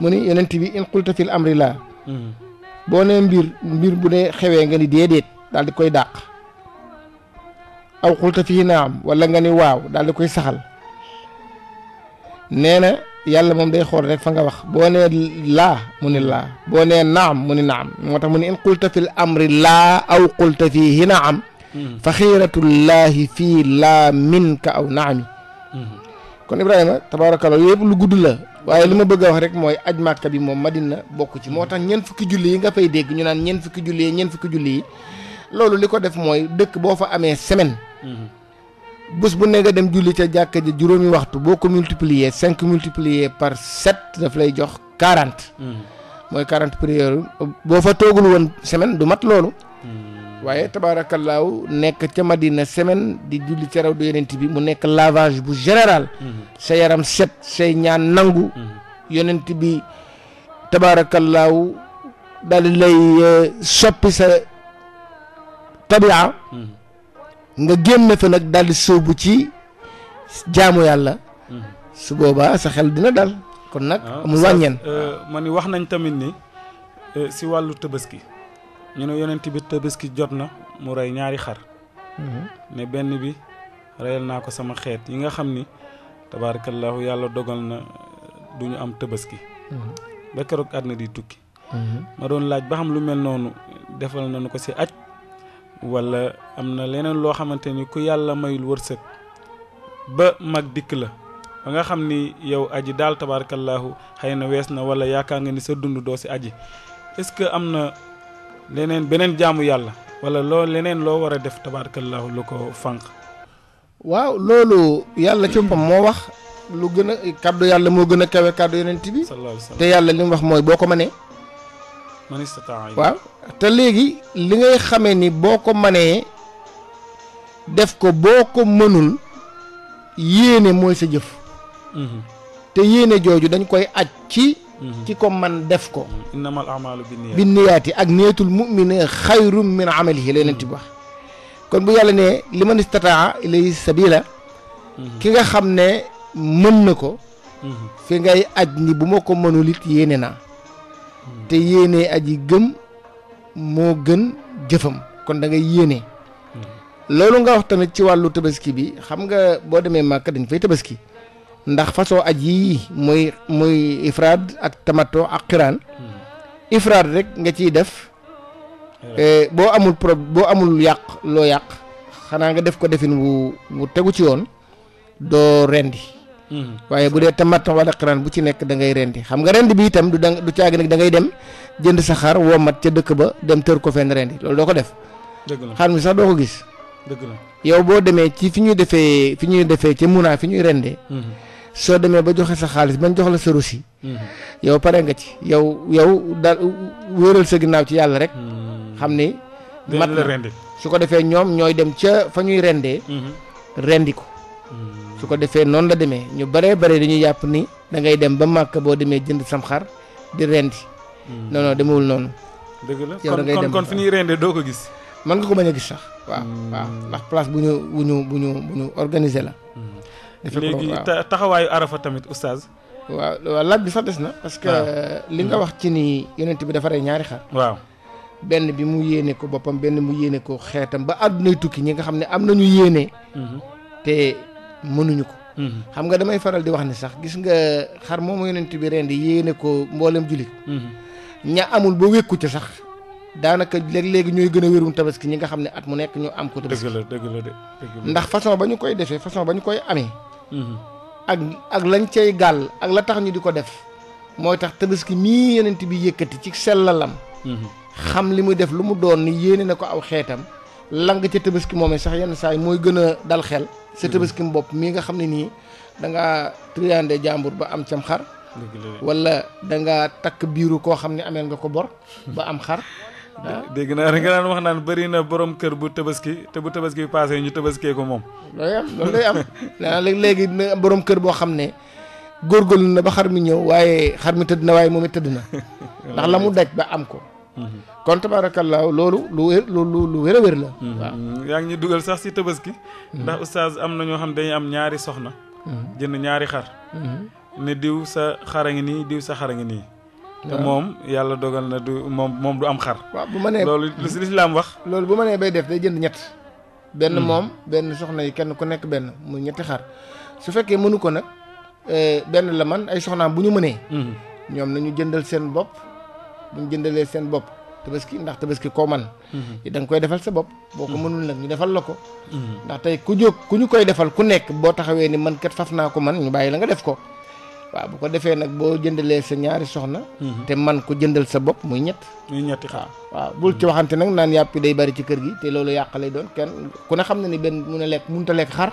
mu ni yonent bi in qulta fil amrillah boo ne mbir mbir bu ne xewee nga ni déedéet daal di koy dàq aw xulta fi naam wala nga ni waaw dal di koy saxal nee na yàlla moom day xool rek fa nga wax boo nee laa mu ni laa boo naam mu naam moo tax in qulta fil amri laa aw qulta fiihi naam hmm. fa llahi fi laa minka aw naami hmm. kon ibrahima tabarakallah. Yeb lu gudd la waaye li ma bëgg a wax rek mooy aj màkka bi moom madina bokk ci moo tax fukki julli yi nga fay dégg ñu naan ñeent fukki julli yi fukki julli yi loolu def mooy dëkk boo fa amee semaine Mm-hmm. bés bu ne nga dem julli ca jàkka juróomi waxtu boo ko multiplier cinq multiplier par sept daf lay jox quarante. Mm-hmm. mooy quarante prières boo fa toogul woon semaine du mat loolu. Mm-hmm. waaye tabaarakallaahu nekk ca Madina semaine di julli ca raw du yonent bi mu nekk lavage bu général. sa yaram set say ñaan nangu. yonent bi tabaarakallaahu daal di lay euh, soppi sa tabia. nga génn fa nag daal di sóobu ci jaamu yàlla. su boobaa sa xel dina daal kon nag ah, mu wàññeen. Euh, ma ni wax nañ tamit ni euh, si wàllu tabaski ñu ne yonent bi tabaski jot na mu rey ñaari xar. Mhm. ne benn bi reyal naa ko sama xeet yi nga xam ni tabaarakallaahu yàlla dogal na euh, duñu am tabaski. Mhm. ba keroog àddina di tukki. Mhm. ma doon laaj ba xam lu mel noonu defal nañu ko si aj wala am na leneen loo xamante ni ku yàlla mayul wërsëg ba mag dikk la ba nga xam ni yow aji daal tabaarakallaahu xëy na wees na wala yaakaar nga ni sa dund doo si aji est-ce que am na leneen beneen jaamu yàlla wala loo leneen loo war a def tabaarakallaahu lu ko fànq. waaw loolu yàlla ci boppam moo wax lu gën a kàddu yàlla moo gën a kawe kàddu yonent bi te yàlla li wax mooy boo ko mënee waaw te léegi li ngay xamee ni boo ko def ko boo mënul yéene mooy sa jëf te yéene jooju dañ koy aj ci ki ko man def ko innamal a'maalu binniyaati ak niyatul mu'mini xayrum min amalihi lay leen kon bu yàlla ne li man ilay sabila ki nga xam mën na fi ngay aj bu ma ko mënul it te yéene aji gëm moo gën jëfam kon da ngay yéene. Hmm. loolu nga wax tamit ci wàllu tabaski bi xam nga boo demee màkk dañ fay tabaski ndax façon aj yii muy muy ifraad ak tamato ak xiraan hmm. ifraad rek nga ciy def eh, boo amul pro boo amul yàq loo yàq xanaa nga def ko defin wu wu tegu ci yoon doo rendi Mm-hmm. waaye bu dee tamat wala xiraan bu ci nekk dangay rendi xam nga rend bi itam du da du caagi nag dangay dem jënd sa xar mat ca dëkk ba dem tër ko fenn rendi loolu doo ko def. dëgg la xar mi sax doo ko gis. dëgg la yow boo demee ci fi ñuy defee fi ñuy defee ca munaa fi ñuy rendee. Mm-hmm. soo demee ba joxe sa xaalis bañ jox la sa rusi. Mm-hmm. yow pare nga ci yow yow daal wéeral sa ginnaaw ci yàlla rek. xam ni mat la rendi su ko defee ñoom ñooy dem ca fa ñuy rendee. rendi ko. su ko defee noonu la demee ñu bëree bëri dañuy yàpp ni da ngay dem ba màkk boo demee jënd sam xar di rendi hmm. non non demewul noonu. dëgg la yow da ngay dem kon kon fi ñuy rendee doo ko gis. mën nga ko bañ a gis sax. waaw hmm. waaw ndax place bu ñu bu ñu bu ñu ñu organisé la. Hmm. taxawaayu arafa tamit oustaz. waaw waaw bi sax des na. parce que li nga wax ci ni yonent bi dafa rey ñaari xar. waaw benn bi mu yéene ko boppam benn mu yéene ko xeetam ba àddunay tukki ñi nga xam ne am nañu yéene. te. mënuñu ko. Mhm. xam nga damay faral di wax ni sax gis nga xar moomu yonent bi ren di yéene ko mboolem jullit. Mhm. ña amul ba wékku ca sax. daanaka léeg-léegi ñooy gën a wérum tabaski ñi nga xam ne at mu nekk ñu am ko. tabaski dëgg la dëgg la de ndax façon ba ñu koy defee façon ba ñu koy amee. Mhm. ak lañ cay gàll ak la tax ñu di ko def. mooy tax tabaski mii yonent bi yëkkati ci sellalam. xam li mu def lu mu doon ni yéene na ko aw xeetam. lang ca tabaski moom sax yenn saa yi mooy gën a dal xel. sa tëbaskim mbopp mii nga xam ne nii danga ngaa triande jàmbur ba am cam xar wala da ngaa takk biiru koo xam ne amee nga ko bor ba am xar dégg naa rek nga daan wax naan bëri na borom kër bu tabaski te bu tabaski bi paase ñu tabaskee ko moom day am loolu day am naa léegi borom kër boo xam ne góorgóorlu na ba xar mu ñëw waaye xar mi tëdd na waaye moom it tëdd na ndax la mu daj ba am ko kon tabaarakallaahu loolu lu wér lu lu wér a wér la. Mm-hmm. waaw mm-hmm. yaa ngi ñu dugal sax si tabaski. Mm-hmm. ndax oustaz am na ñoo xam dañuy am ñaari soxna. jënd ñaari xar. ne diw sa xara ngi nii diw sa xara ngi nii. te moom yàlla dogal na du moom moom du am xar. waaw bu ma nee loolu lislaam wax. loolu bu ma nee bay def day jënd ñett. benn moom benn soxna yi kenn ku nekk benn mu ñetti xar su fekkee mënu ko nag eh, benn la man ay soxnaam bu ñu mënee. ñoom nañu jëndal seen bopp. buñ jëndalee seen bopp tabaski ndax tabaski koo man mhm. da nga koy defal sa bopp boo ko mhm. mënul nag ñu defal la ko mhm. ndax tey ku jóg ku ñu koy defal ku nekk boo taxawee ni man ket faf naa ko man ñu bàyyi la nga def ko bu ko defee nag boo jëndalee sa ñaari soxna te man ko jëndal sa bopp muy ñett muy ñetti xaar waaw bul ci waxante nag naan yàpp yi bari ci kër gi te loolu yàq lay doon kenn ku ne xam na ni benn mun a lekk mënut a lekk xar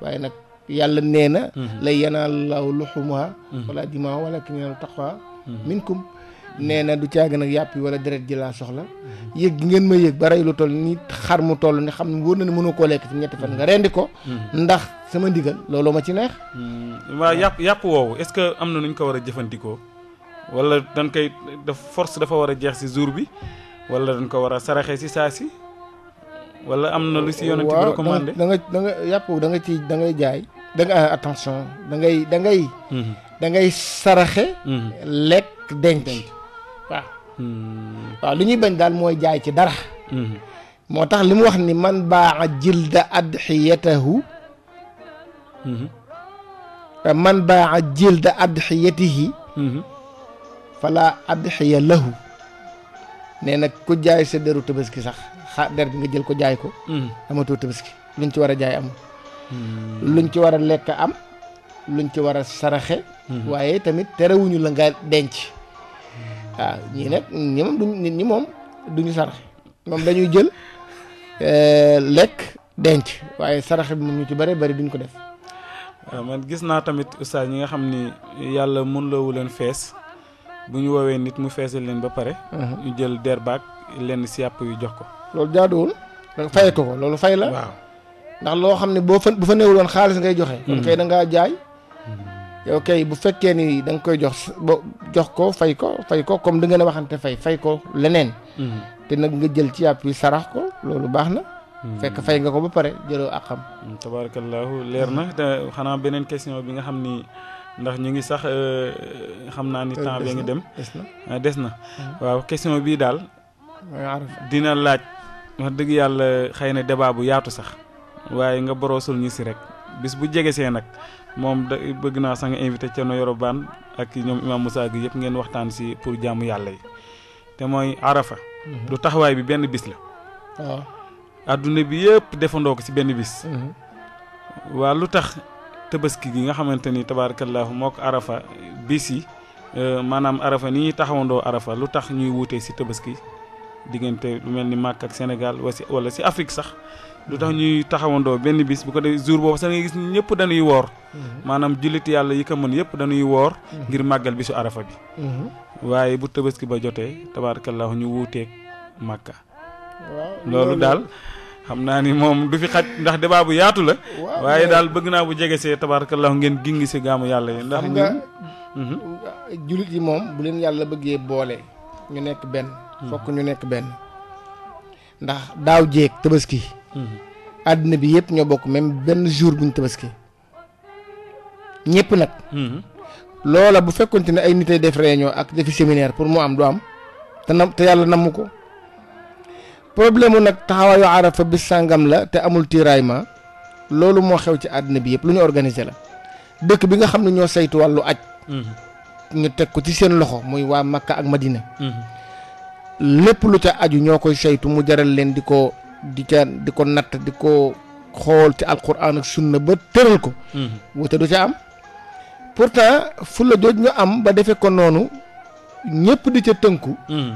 waaye nag yàlla nee na lay yanaalu laahu luxumuha minkum nee na du caag nag yàpp yi wala deret ji laa soxla yëg gi ngeen ma yëg ba rey lu toll ni xar mu toll ni xam ne wóor na ne mënoo koo lekk ci ñetti fan nga rendi ko mm-hmm. ndax sama ndigal looloo ma ci neex mm-hmm. waaw yàpp yàpp woowu est-ce que am na lu ñu ko war a jëfandikoo wala dañ koy def force dafa war a jeex si jour bi wala dañ ko war a saraxee si saa si wala am na lu si yonent bi recommandé da nga da nga yàpp da nga ci da ngay jaay da nga ah, attention da ngay da ngay mm-hmm. da ngay saraxe lekk denc waaw li ñuy bañ daal mooy jaay ci dara moo tax li mu wax ni man baax a jilda adxiyatahu man baax baa jilda adxiyatihi fala adxiya lahu nee nag ku jaay sa deru tabaski sax xa der bi nga jël ko jaay ko amatoo tabaski luñ ci war a jaay am luñ ci war a lekk am luñ ci war a saraxe waaye tamit terewuñu la nga denc waaw nah, ñii nag ñi moom duñ nit ñi moom duñu sarax moom dañuy jël eh, lekk denc waaye sarax bi moom ñu ci bare bari duñ ko def euh, man gis naa tamit oustaz ñi nga xam ni yàlla mën loowu leen fees bu ñu woowee nit mu feesal leen ba pare mhm. ñu jël der baag lenn si yàpp yu jox ko loolu jaaduwul da fayee ko ko loolu fay la waaw ndax loo xam ne boo fa bu fa néewul woon xaalis ngay joxe kon kay mhm. da ngaa jaay yow kay bu fekkee ni da nga koy jox ba jox ko fay ko fay ko comme da ngeen a waxante fay fay ko leneen. Mhm. te nag nga jël ci yàpp yi sarax ko loolu baax na. Mhm. fekk fay nga ko ba pare jëloo ak xam. Mm, tabarakallahu leer na te mhm. xanaa beneen question bi nga xam ni. ndax ñu ngi sax euh, xam naa ni euh, temps bee ngi dem des na ah, waaw question bii daal dina laaj wax dëgg yàlla xëy na débat bu yaatu sax waaye nga boroosul ñu si rek bis bu jege see nag moom da bëgg naa sax invité Thierno Yoro Bane ak ñoom Imam Moussa gi yëpp ngeen waxtaan si pour jaamu yàlla yi te mooy arafa. lu mhm. taxawaay bi benn bis la. àdduna bi yëpp defandoo ko si benn bis. Mhm. waa lu tax tabaski gi nga xamante ni tabaarakallaahu moo ko arafa bis yi euh, maanaam arafa ni ñuy taxawandoo arafa lu tax ñuy wuutee si tabaski digënté lu melni ni ak Sénégal wala si Afrique sax lu tax ñuy taxawando benn bis bu ko def jour bobu sax nga gis ñëpp dañuy wor manam mhm. julit yalla yi ko mën yëpp dañuy wor mhm. ngir magal bisu arafa bi mhm. waye bu tebeski ba joté tabarakallah ñu wuté makka lolu dal xamna ni mom du fi xat ndax débat bu yaatu la waye dal bëgg na bu jégé sé tabarakallah ngeen gingi ci gamu yalla yi ndax ñu julit yi mom bu leen yalla bëggé boole ñu nekk benn fokk ñu nekk benn ndax daaw jéeg tabaski mhm. àddina bi yëpp ñoo bokk même benn jour buñ tabaski ñëpp nag mhm. loola bu fekkonte ne ay nit def réunion ak defi séminaire pour mu am du am te nam te yàlla namm ko problème nag taxawaayu arafa bis sàngam la te amul tiraillement loolu moo xew ci àddina bi yëpp lu ñu organiser la dëkk bi nga xam ne ñoo saytu wàllu aj mhm. ñu teg ko ci seen loxo muy waa Makka ak Madina lépp lu ca aju ñoo koy saytu mu jaral leen di ko di ca di ko natt di ko xool ci alquran ak sunna ba tëral ko. Mhm. wute du ca am. pourtant fu la jooj ñu am ba defee ko noonu ñëpp di ca tënku. Mhm.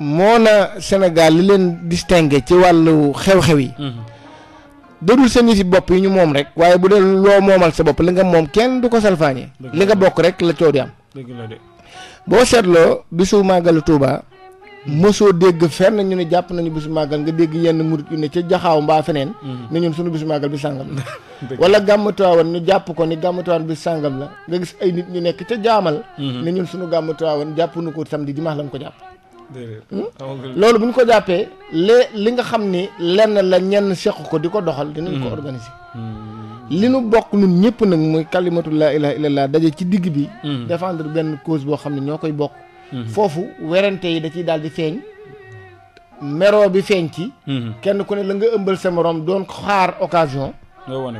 moo na Sénégal li leen distingué ci wàllu xew-xew yi. Mhm. dadul seen yi bopp yi ñu moom rek. waaye bu dee loo moomal sa bopp li nga moom kenn du ko salfaañee. li nga bokk rek la coow di am. boo seetloo bisu màggalu Touba mosoo dégg fenn ñu ne jàpp nañu bisu màggal nga dégg yenn murit yu ne ca jaxaw mbaa feneen mm-hmm. ne ñun sunu bisu màggal bi sàngam la wala gàmmu Tiwaawan ñu jàpp ko ni gàmmu bi sàngam la nga gis ay nit ñu nekk ca jaamal mm-hmm. ne ñun sunu gàmmu Tiwaawan jàpp nu ko samedi dimanche lañ ko jàpp hmm? loolu bu ñu ko jàppee lee li nga xam ni lenn la ñenn sequ ko di ko doxal dinañ ko mm-hmm. organiser li nu bokk nun ñëpp nag muy kalimatu laa ilaha illallah daje ci digg bi hmm. défendre benn cause boo xam ne ñoo koy bokk hmm. foofu werante yi da ciy daal di feeñ mero bi feeñ ci hmm. kenn ku ne la nga ëmbal sa morom doon xaar occasion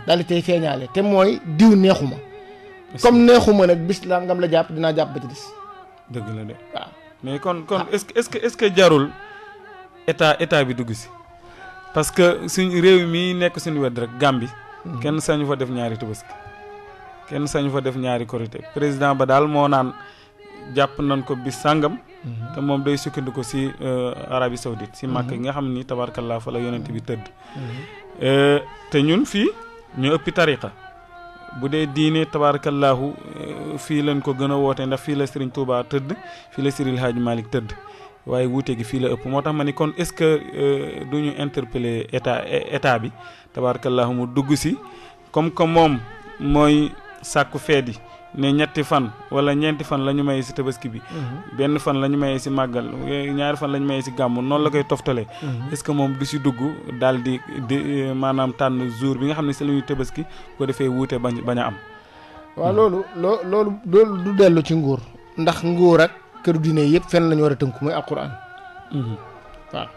daal di tey feeñaale te mooy diw neexu neexuma comme ma nag bis la ngam la jàpp dinaa jàpp ba ci des dëgg la de waaw mais kon kon ah. est-ce que est-ce que est-ce que jarul état état bi dugg si parce que suñ réew mi nekk suñu wet rek Gambie kenn sañu fa def ñaari tabaski kenn sañu fa def ñaari korité président ba daal moo naan jàpp nañ ko bis sàngam mhm. te moom day sukkandiku si euh, Arabie Saoudite si màkk yi mhm. nga xam ni tabarkallaa fa la yonent bi tëdd mhm. euh, te ñun fii ñu ëppi tariqa bu dee diine tabarakallaahu euh, fii lañ ko gën a woote ndax fii la Serigne Touba tëdd fii la Serigne Hadj Malick tëdd waaye wuute gi fii la ëpp moo tax ma ni kon est-ce que euh, du ñu interpeller état état bi tabaarakallahu mu dugg si comme que moom mooy sàkku feet yi ne ñetti fan wala ñeenti fan la ñu mayee si tabaski bi. Mhm. benn fan la ñu mayee si màggal ñaari fan la ñu si gàmmu noonu la koy toftalee. Mhm. est-ce que moom du si dugg daal di di euh, maanaam tànn jour bi nga xam ne si la ñuy tabaski bu ko defee wuute bañ bañ a am. waaw loolu loo loolu loolu du dellu ci nguur ndax nguur ak. këru diine yëpp fenn la ñu war a tënku mooy alquran. Mhm. waaw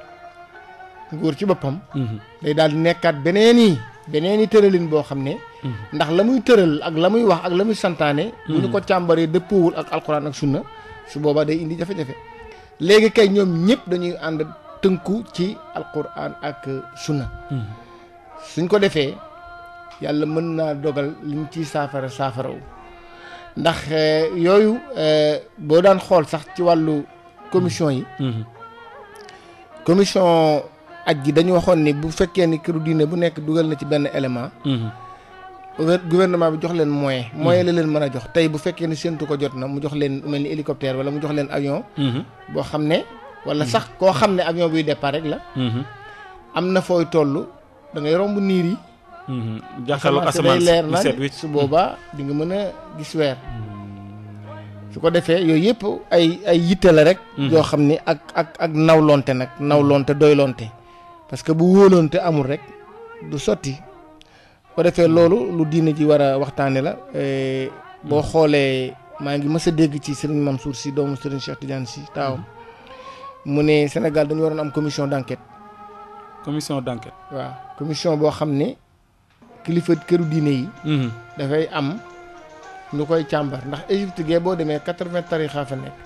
nguur ci boppam. Mhm. day daal di nekkaat beneen yi beneen yi tëralin boo xam ne. Mhm. ndax la muy tëral ak la muy wax ak la muy santaane. bu ñu ko càmbaree dëppoowul ak alquran ak sunna su boobaa day indi jafe-jafe. léegi kay ñoom ñëpp dañuy ànd tënku ci alquran ak sunna. suñ ko defee yàlla mën naa dogal liñ ciy saafara saafarawu. ndax euh, yooyu euh, boo daan xool sax ci wàllu commission yi mm-hmm. Mm-hmm. commission aj gi dañu waxoon ni bu fekkee ni këru diine bu nekk dugal na ci benn élément mm-hmm. gouvernement bi jox leen moyen moyen la leen mën a jox tey bu fekkee ni séntu ko jot na mu jox leen mel ni hélicoptère wala mu jox leen avion boo xam ne wala sax koo xam ne avion buy départ rek la am na fooy toll da ngay romb niir yi jaaxaloo asamaan leer nañ su boobaa bi nga mën a gis weer hmm. su ko defee yooyu yëpp ay ay yitte la rek hmm. yoo xam ni ak ak ak nawlonte nag hmm. nawlonte doylonte parce que bu wóolonte amul rek du sotti su ko defee loolu lu diine ji war a waxtaane la eh, boo xoolee maa ngi mës dégg ci Serigne Mansour si doomu Serigne Cheikh si taawam ne Sénégal dañu waroon am commission d'enquête commission d'enquête waaw commission boo xam ne kilifa këru diine yi. Mhm. dafay am ñu koy càmbar ndax Égypte gee boo demee quatre-vingts fa nekk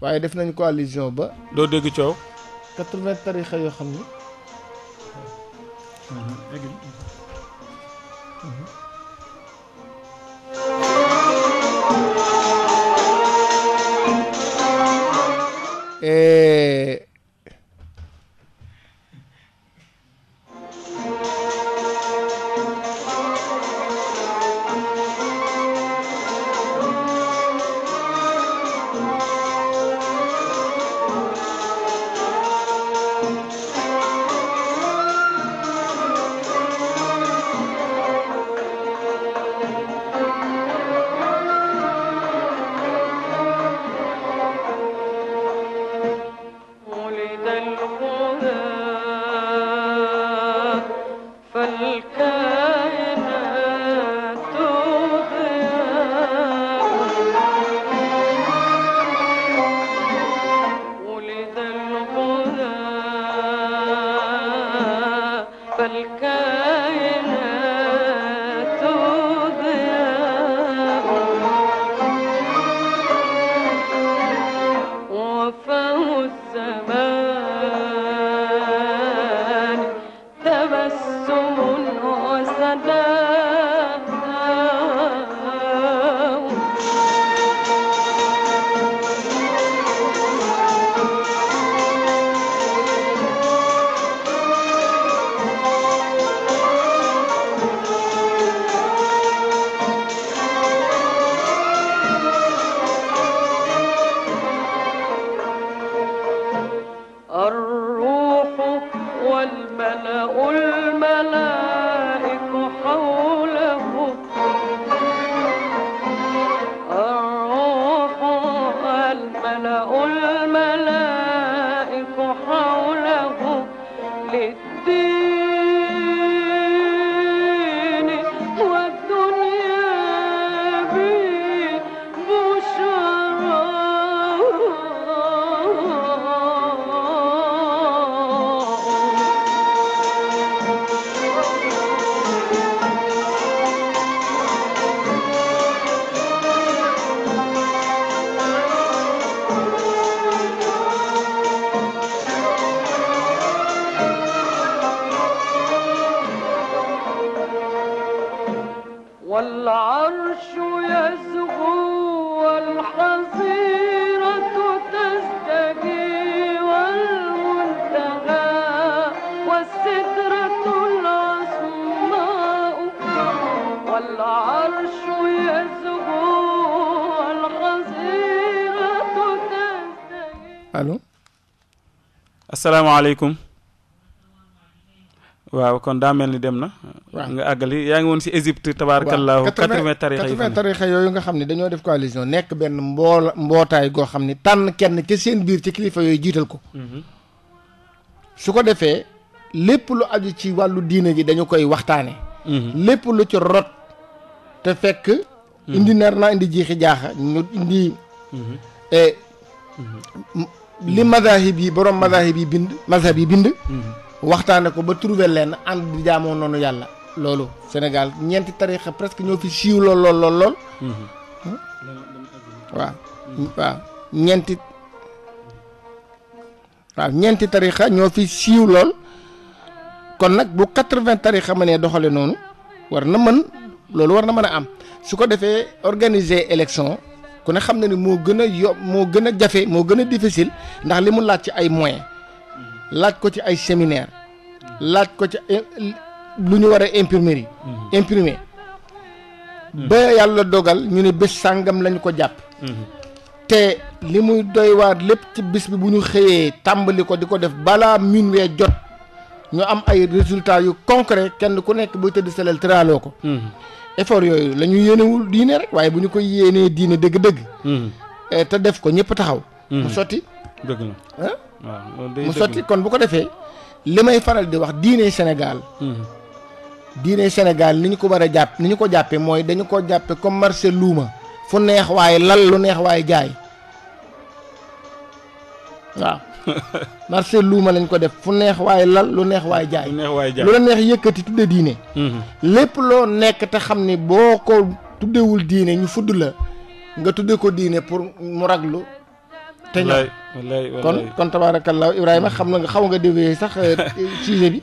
waaye def nañ coalition ba. doo dégg coow. quatre-vingts yoo xam ne asalaamaaleykum waaw kon daa mel ni dem na. waaw nga àggali yaa ngi woon si Égypte tabaarakallaahu. waaw quatre-vingts tarixa yooyu nga xam ne dañoo def coalition nekk benn mboola mbootaay goo xam ne tànn kenn ci seen biir ci kilifa yooyu jiital ko. Mhm. su ko defee lépp lu aju ci wàllu diine gi dañu koy waxtaane mhm. lépp lu ci rot te fekk. Mhm. indi nar naa indi jiixi jaaxa ñu indi. Eh, li mazahib yi borom mazahib yi bind mazhab yi bind mm-hmm. waxtaane ko ba trouver leen ànd di jaamoo noonu yàlla loolu Sénégal ñeenti tarixa presque ñoo fi siiw lool lool lool lool mm-hmm. waaw waaw ñeenti waaw ñoo fi siiw lool kon nag bu quatre-vingts tarixa mënee doxale noonu war na mën loolu war na mën a am su ko defee organiser élection ku ne xam na ni moo gën a yo moo gën a jafe moo gën a difficile ndax li mu laaj ci ay moyens mm-hmm. laaj ko ci ay séminaire laaj ko ci eh, lu ñu war a imprimerie mm-hmm. imprimer mm-hmm. ba yàlla dogal ñu ne bés sàngam lañu ko jàpp te li muy doywaat lépp ci bis bi bu ñu xëyee tàmbali ko di ko def balaa min wee jot ñu am ay résultats yu concret kenn ku nekk buy tëdd selel tëraloo ko effort yooyu la ñu yéenewul diine rek waaye bu ñu koy yéenee diine dëgg-dëgg. Hmm. Eh, te def ko ñëpp taxaw. Hmm. mu sotti. dëgg mu sotti kon bu ko defee li may faral di wax diine Sénégal. Hmm. diine Sénégal ni ñu ko war a jàpp ni ñu ko jàppee mooy dañu ko jàppee comme marché luuma fu neex waaye lal lu neex waaye jaay waaw. marché luuma lañ ko def fu neex waay lal lu neex waay jaay lu la neex yëkkati tudde diine mhm. lépp loo nekk te xam ni boo ko tuddewul diine ñu fudd la nga tudde ko diine pour mu raglu te ñoom kon kon tabaarakallaahu Ibrahima xam na nga xaw nga dévier sax sujet euh, bi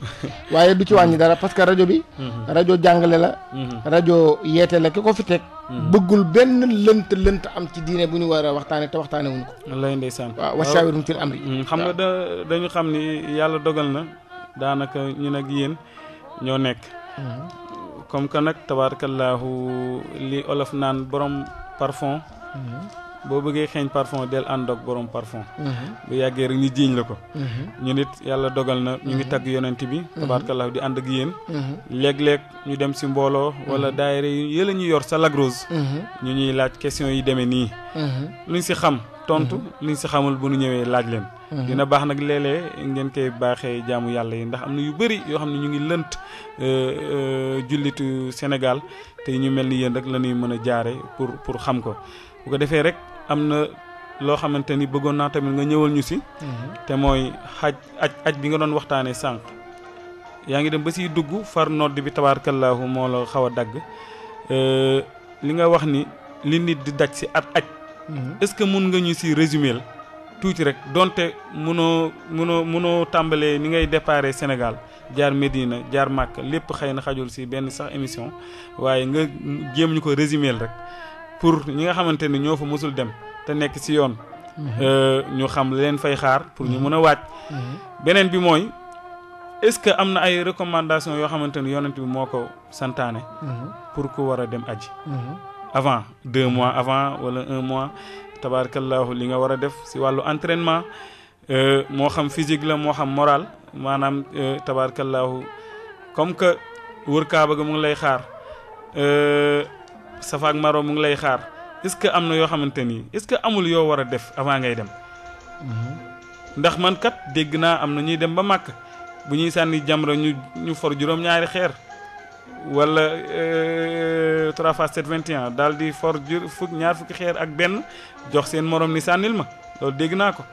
waaye du ci wàññi dara parce que rajo bi mhm. rajo jàngale la mhm. rajo yeete la ki ko fi teg mhm. bëggul benn lënt lënt am ci diine bu ñu war a waxtaane te waxtaane wuñ ko lay ndeysaan waaw wa shaawirum fil amri xam nga da dañu xam ni yàlla dogal na daanaka ñu ak yéen ñoo nekk comme que nag tabaarakallaahu li olof naan borom parfum boo bëggee xeeñ parfum del ànd ak borom parfum mhm. bu yàggee rek ñu jiiñ la ko mhm. ñu nit yàlla dogal na ñu ngi mhm. tagg yonent bi tabaarkalla di ànd ak yéen léeg-léeg ñu dem si mbooloo wala daayira yi yëla ñu yor sa lagrose ñu ñuy laaj question yi demee nii luñ si xam tontu liñ si xamul bu nu ñëwee laaj leen dina baax nag léeg-léeg ngeen koy baaxee jaamu yàlla yi ndax am na yu bëri yoo xam ne ñu ngi lënt euh, euh, jullitu Sénégal te ñu mel ni yéen rek la ñuy mën a jaare pour pour xam ko bu rek am na xamanteni beggon na tamit nga ñewal ñu ci mhm. té moy haj haj aj bi nga doon waxtane sank dem ba ci dugg far nodd bi tabarakallah mo la xawa dag euh li nga wax ni li nit di daj ci at haj mhm. est-ce que mun nga ñu ci résumer la rek donte mëno mëno mëno tambalé ni ngay déparer Sénégal jaar Medina jaar makka lepp xeyna xajul si ben sax émission waye nga jéem ñuko résumer rek. pour ñi nga xamante ne ñoo fa mosul dem te nekk ci yoon. Mhm. Euh, ñu xam leen fay xaar pour ñu mhm. mën a waaj. Mhm. beneen bi mooy est-ce que am na ay recommandations yoo xamante ne yonent bi moo ko santaane. pour ku war a dem aji. avant deux mois avant wala un mois tabaarakallahu li nga war a def ci wàllu entraînement euh, moo xam physique la moo xam moral maanaam euh, tabaarakallahu comme que wër kaaba ga mu ngi lay xaar. safa ak maro mu ngi lay xaar est-ce que am na yoo xamante ni est-ce que amul yoo war a def avant ngay dem. Mm-hmm. ndax man kat dégg naa am ñuy dem ba màkk bu ñuy sànni jamra ñu ñu for juróom-ñaari xeer wala 3 euh, fois 7 21 daal di for jur fukk ñaar fukki xeer ak benn jox seen morom ni sànnil ma loolu dégg naa ko.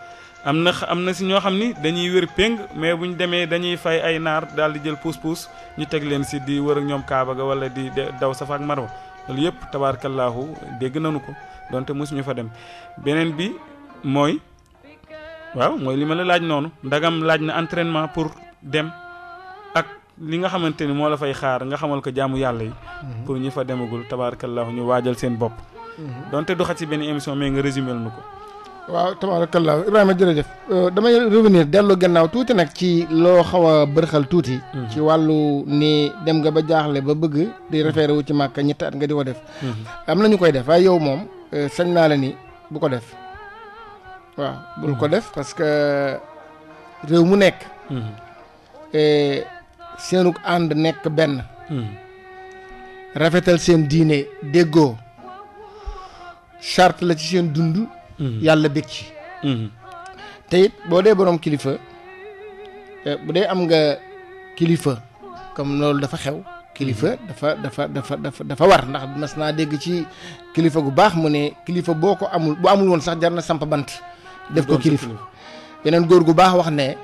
am na am na si ñoo xam ni dañuy wër péng mais buñ demee dañuy fay ay naar daal di jël puus puus ñu teg leen si di wër ak ñoom Kaaba ga wala di daw Safa ak Marwa loolu yëpp tabaarkallaahu dégg nañu ko donte mosuñu fa dem beneen bi mooy waaw mooy li ma la laaj noonu ndagam laaj na entrainement pour dem ak li nga xamante ni moo la fay xaar nga xamal ko jàmm yàlla yi. Mhm. pour ñu fa demagul tabaarkallaahu ñu waajal seen bopp. Mhm. donte du xaj ci benn émission mais nga résumé nu ko. waaw tabarakallah Ibrahima jërëjëf euh, damay revenir dellu gannaaw tuuti nag ci loo xaw a bërxal tuuti. Mhm. ci wàllu ni dem nga ba jaaxle ba bëgg di mhm. référé wu ci màkka ñetti at nga di ko def. Mhm. am na ñu koy def waaye yow moom euh, sañ naa la ni bu ko def waaw bul ko def parce que réew mu nekk. E, seenug ànd nekk benn. rafetal seen diine déggoo charte la ci seen dund. Mm-hmm. yàlla bég ci mm-hmm. te it boo dee boroom kilifa eh, bu dee am nga kilifa comme loolu dafa xew kilifa mm-hmm. dafa dafa dafa dafa war ndax mas naa dégg ci kilifa gu baax mu ne kilifa boo ko amul bu amul woon sax jar na samp bant def ko kilifa beneen góor gu baax wax ne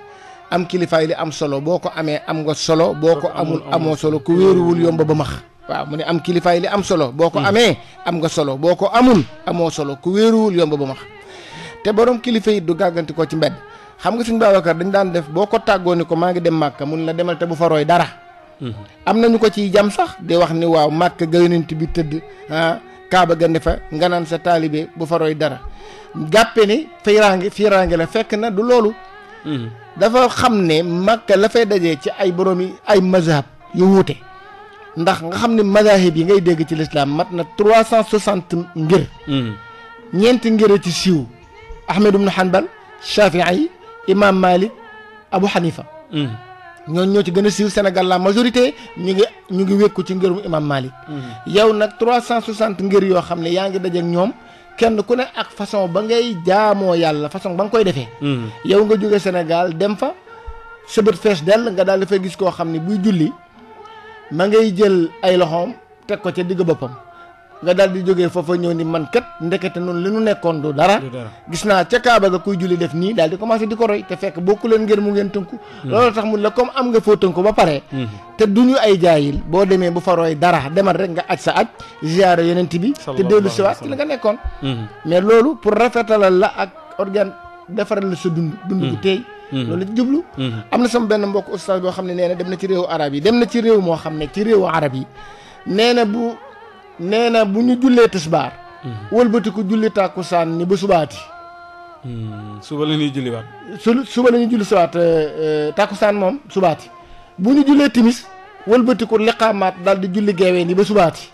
am kilifaay li am solo boo ko amee am nga solo boo ko amul amoo solo ku wéeruwul yomba ba max waaw mu ne am kilifaay li am solo boo ko hmm. amee am nga solo boo ko amul amoo solo ku wéeruwul yomb ba mu te borom kilifa yi du gàgganti ko ci mbedd xam nga suñ Babacar dañ daan def boo ko tàggoo ni ko maa ngi dem màkka mun la demal te bu fa roy dara hmm. am na ñu ko ciy jam sax di wax ni waaw màkk ga yonent bi tëdd ah kaaba ga ne fa nga naan sa taalibe bu fa roy dara jàppe ni fiiraange fiiraange la fekk na du loolu hmm. dafa xam ne màkka la fay dajee ci ay borom yi ay mazhab yu wuute ndax nga xam ne madahib yi ngay dégg ci lislaam mat na trois cent soixante ngir hmm. ñeenti ngir ci siiw ahmed ibnu hanbal shafii imam malik abu hanifa hmm. ñooñ ñoo ci gën a siiw sénégal la majorité ñu ngi ñu ngi wékku ci ngërum imam malik hmm. yow nag trois cent soixante ngir yoo xam ne yaa ngi dajeek ñoom kenn ku ne ak façon ba ngay jaamoo yàlla façon ba nga koy defee yow nga jóge sénégal dem fa sëbët fees dell nga daal dafay gis koo xam ne buy julli ma ngay jël ay loxoom teg ko ca digg boppam nga daal di jógee foofa ñëw ni man kat ndekete noonu li nu nekkoon du dara gis naa ca kaaba ga kuy julli def nii daal di commencé di ko roy te fekk bokku leen ngeen mu ngeen tënku mm-hmm. loolu tax mu la comme am nga foo tënku ba pare mm-hmm. te du ñu ay jaayil boo demee bu fa roy dara demal rek nga aj sa aj ziyaare yonent bi te dellu siwaat ci la nga nekkoon mm-hmm. mais loolu pour rafetalal la ak organe defaral la sa dund dund bu Mm-hmm. loolu ci jublu mm-hmm. am na sama benn mbokk oustaz boo xam ne nee na dem na ci réewu arab yi dem na ci réew moo xam ne ci réewu arab yi nee na bu nee na bu ñu jullee tisbaar mm-hmm. wëlbatiku julli tàkkusaan ni ba subaati suba la ñu julli waat su suba la ñuy julli subaat euh, euh, tàkkusaan moom subaati bu ñu jullee timis wëlbatiku liqaamaat daal di julli geewee ni ba subaati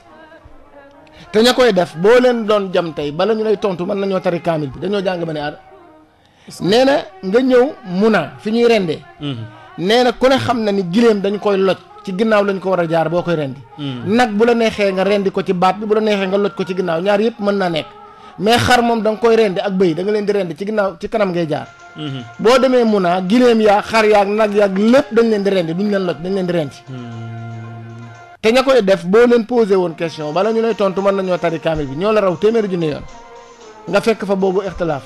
te ña koy def boo leen doon jam tey bala ñu lay tontu mën nañoo tari kaamil bi dañoo jàng ba ne nee na nga ñëw muna fi ñuy rendee mhm. nee na ku ne xam na ni gileem dañu koy loj ci ginnaaw lañ ko war a jaar boo koy rendi mhm. nag bu la neexee nga rendi ko ci baat bi bu la neexee nga loj ko ci ginnaaw ñaar yëpp mën naa nekk mais xar moom da nga koy rendi ak bëy danga leen di rendi ci ginnaaw ci kanam ngay jaar mhm. boo demee muna gileem yaa xar yaag nag yaag lépp dañ leen di rendi duñ leen loj dañ leen di rendi te ña koy def boo leen posé woon question bala ñu lay tontu mën nañoo tari kaamil bi ñoo la raw téeméeri junni yoon nga fekk fa boobu ixtilaaf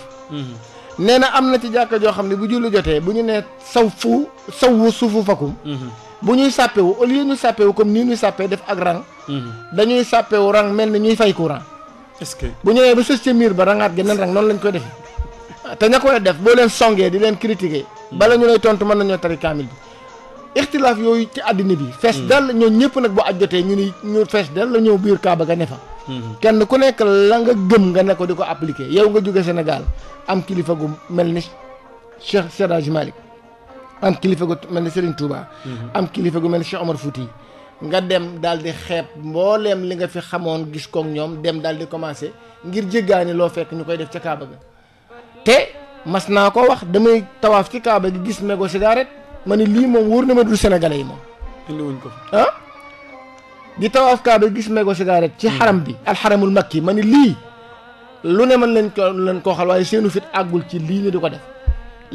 nee na am na ci jàkka joo xam ne bu julli jotee bu ñu nee saw fu sawu suufu fakum mhm. bu ñuy sàppewu au lieu ñu sàppewu comme nii ñu sàppee def ak rang mhm. dañuy sàppewu rang mel ni ñuy fay courant est-ce que bu ñëwee ba sës ca miir ba rangaat geneen rang noonu lañ koy defee te ña koy def boo leen songee di leen critiquer mhm. bala ñu lay tontu mën nañoo tari kaamil bi ikhtilaf yoy ci adina bi fess hmm. dal ñoo ñepp nak bu aj ñu ni ñu fess dal la ñëw biir kaaba ga nefa fa hmm. kenn ku nekk la nga gëm nga ne ko appliquer yow nga jóge Sénégal am kilifa gu melni Cheikh Seraj Malik am kilifa gu melni Serigne Touba hmm. am kilifa gu melni Cheikh Omar Fouti nga dem dal di xeeb mbooleem li nga fi xamone gis ko ñom dem dalde di commencer ngir jéggaani lo fekk ñukoy def ci kaaba ga té mas ko wax damay tawaf ci kaaba gi gis mego cigarette ma ne lii moom wër na ma dul sénégalais yi moom. indi ko fi ah. di tawaaf kaaba gis mégo cigarette ci xaram bi. Hmm. alxaramul makki ma ne lii. lu ne mën leen ko leen koo xal waaye seenu fit àggul ci lii ñu di ko def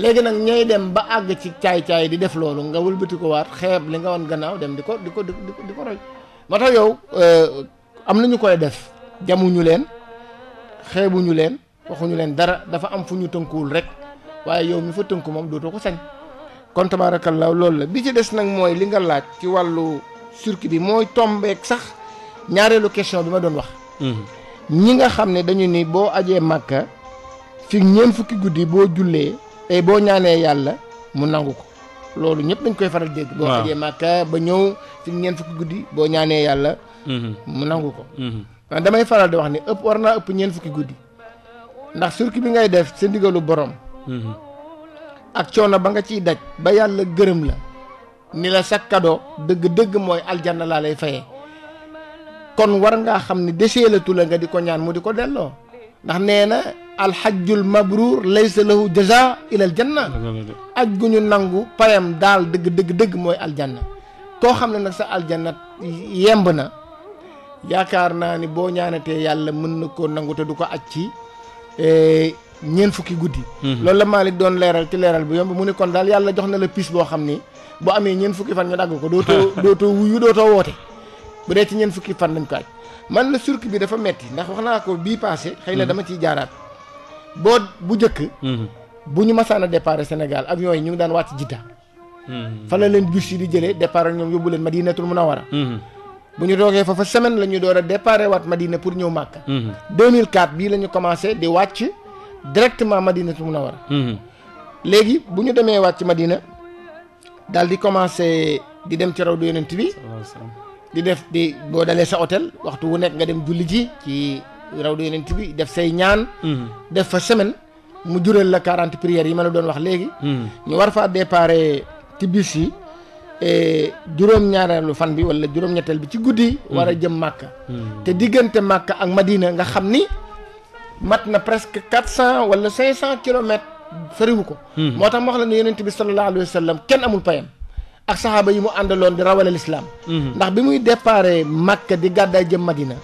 léegi nag ñay dem ba àgg ci caay-caay di def loolu nga wëlbati ko waat xeeb li nga wan gannaaw dem di ko di ko di ko di ko roy moo tax yow euh, am na ñu koy def jamuñu leen xeebuñu leen waxuñu leen dara dafa am fu ñu tënkuwul rek waaye yow mi fa moom dootoo ko sañ kon tabaarakallaahu loolu la bi ci des nag mooy li nga laaj ci wàllu circuit bi mooy tombeek sax ñaareelu question bi ma doon wax mhm. ñi nga xam ne dañu ni boo ajee màkka fi ñeent fukki guddi boo jullee tey boo ñaanee yàlla mu nangu ko loolu ñëpp dañ koy faral dégg boo ajee màkka ba ñëw fi ñeent fukki guddi boo ñaanee yàlla mhm. mu nangu ko mhm. waaw damay faral di wax ni ëpp war naa ëpp ñeent fukki guddi ndax circuit bi ngay def sa ndigalu borom ak coono ba nga ciy daj ba yàlla gërëm la ni la sa cadeau dëgg-dëgg mooy aljanna laa lay fayee kon war ngaa xam ne deseelatu la nga di ko ñaan mu di ko delloo ndax nee na alxajjul mabruur laysa lahu jaza ilal janna aj gu ñu nangu payam daal dëgg dëgg dëgg mooy aljanna koo xam ne nag sa aljanna yemb na yaakaar naa ni boo ñaanatee yàlla mën na ko nangu te du ko aj ci eh, ñeent fukki guddi. Mhm. loolu la Malick doon leeral ci leeral bu yomb mu ne kon daal yàlla jox na la piis boo xam ni bu amee ñeent fukki fan ñu dagg ko dootoo wuyu dootoo woote bu dee ci ñeent fukki fan lañ ko man la circuit bi dafa metti ndax wax naa ko bii passé xëy na mhm. dama ciy jaaraat boo bu njëkk mhm. bu ñu masaan a départ Sénégal avion yi ñu ngi daan wàcc Jidda fa la leen bus yi di jëlee départ ñoom yóbbu leen a Munawara bu ñu toogee fa fa se la ñu door a départ waat Madina pour ñëw Màkka 2004 directement Madinatu Munawara mhm. léegi bu ñu demee waat wàcc Madina daal di commencé di dem ci raw du yonent bi di def di boo dalee sa hôtel waxtu wu nekk nga dem julli ji ci raw du yonent bi def say ñaan mhm. def fa semaine mu jural la quarante prières yi ma la doon wax léegi mhm. ñu war faa départ ci bis yi e, juróom-ñaareelu fan bi wala juróom-ñetteel bi ci guddi war a jëm màkka te diggante màkka ak madina nga xam ni mat na presque quatre cent wala cinq cent kilomètres soriwu ko hmm. moo tax ma wax la ne yonent bi sallallahu alayhi wa sallam kenn amul payam ak saxaaba yi mu àndaloon di rawale lislaam hmm. ndax bi muy déparé Makka di gàddaay jëm Madina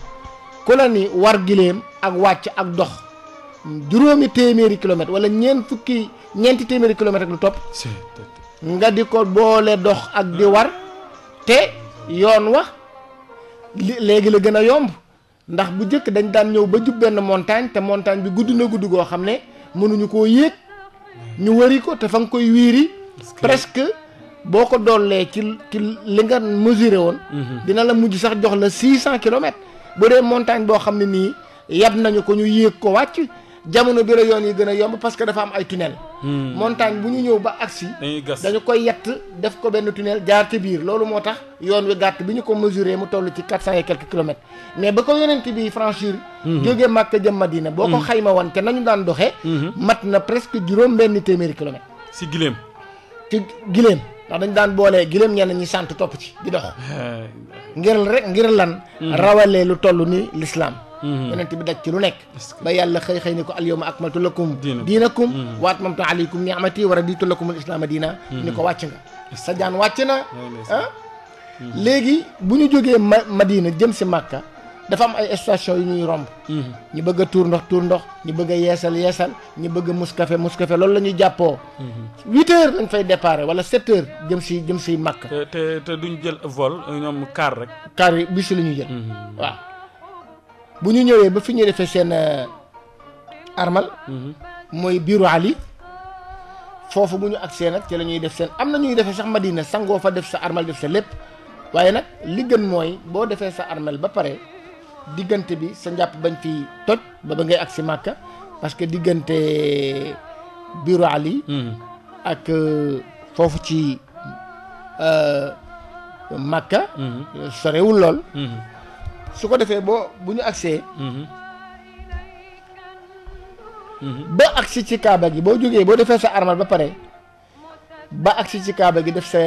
ku la ni war giléem ak wàcc ak dox juróomi téeméeri kilomètres wala ñeent fukki ñeenti téeméeri kilomètres ak lu topp nga di ko boole dox ak di war te yoon wax léegi la gën a yomb ndax bu njëkk dañ daan ñëw ba jub benn montagne te montagne bi gudd na gudd goo xam ne mënuñu koo yéeg ñu wëri ko te fa nga koy wiiri presque boo ko doolee ci ci li nga mesuré woon mhm. dina la mujj sax jox la six cent kilomètres bu dee montagne boo xam ne nii yab nañu ko ñu yéeg ko wàcc jamono bi la yi a parce que dafa am ay tunnel hmm. montagne bu ñu ñëw ba dañu koy yett def ko benn tunnel jaar ci biir loolu moo tax yoon wi gàtt bi ñu ko mesurer mu toll ci 400 et quelques kilomètres mais ba ko bi franchir hmm. jógee jëm Madina boo ko hmm. xayma woon nañu daan doxee mat na presque juróom benn téeméeri kilomètres si ci ndax daan ñenn ñi sant topp ci di dox ngir rek ngir lan lu ni l'islam Mm-hmm. yonent bi daj ci lu nekk ba yàlla xëy xëy ni ko alyawma akmaltu lakum diinakum mm-hmm. wa atmamtu alaykum ni'mati wa raditu lakum al islaama diina mm-hmm. ni ko wàcc nga sa jaan wàcc na ah léegi bu ñu jógee ma Madina jëm si Màkka dafa am ay station yu ñuy romb ñu bëgg a tuur ndox tuur ndox ñu bëgg a yeesal yeesal ñu bëgg a muskafe muskafe loolu la ñuy jàppoo huit heures fay départ wala sept jëm si jëm si Màkka te te duñu jël vol ñoom car rek car yi bus la ñuy jël waaw bu ñu ñëwee ba fi ñu defee seen euh, armal mhm. mooy biiru ali foofu bu ñu agsee nag ci la ñuy def seen am na ñuy defee sax madina sangoo fa def sa armal def sa lépp waaye nag li gën mooy boo defee sa armal ba pare diggante bi sa njàpp bañ fi toj ba ba ngay agsi màkka parce que diggante biiru ali mhm. ak euh, foofu ci euh, makka mhm. sorewul lool su ko defee boo bu ñu agsee mhm. Mhm. ba agsi ci kaaba gi boo jógee boo defee sa armal ba pare ba agsi ci kaaba gi def sa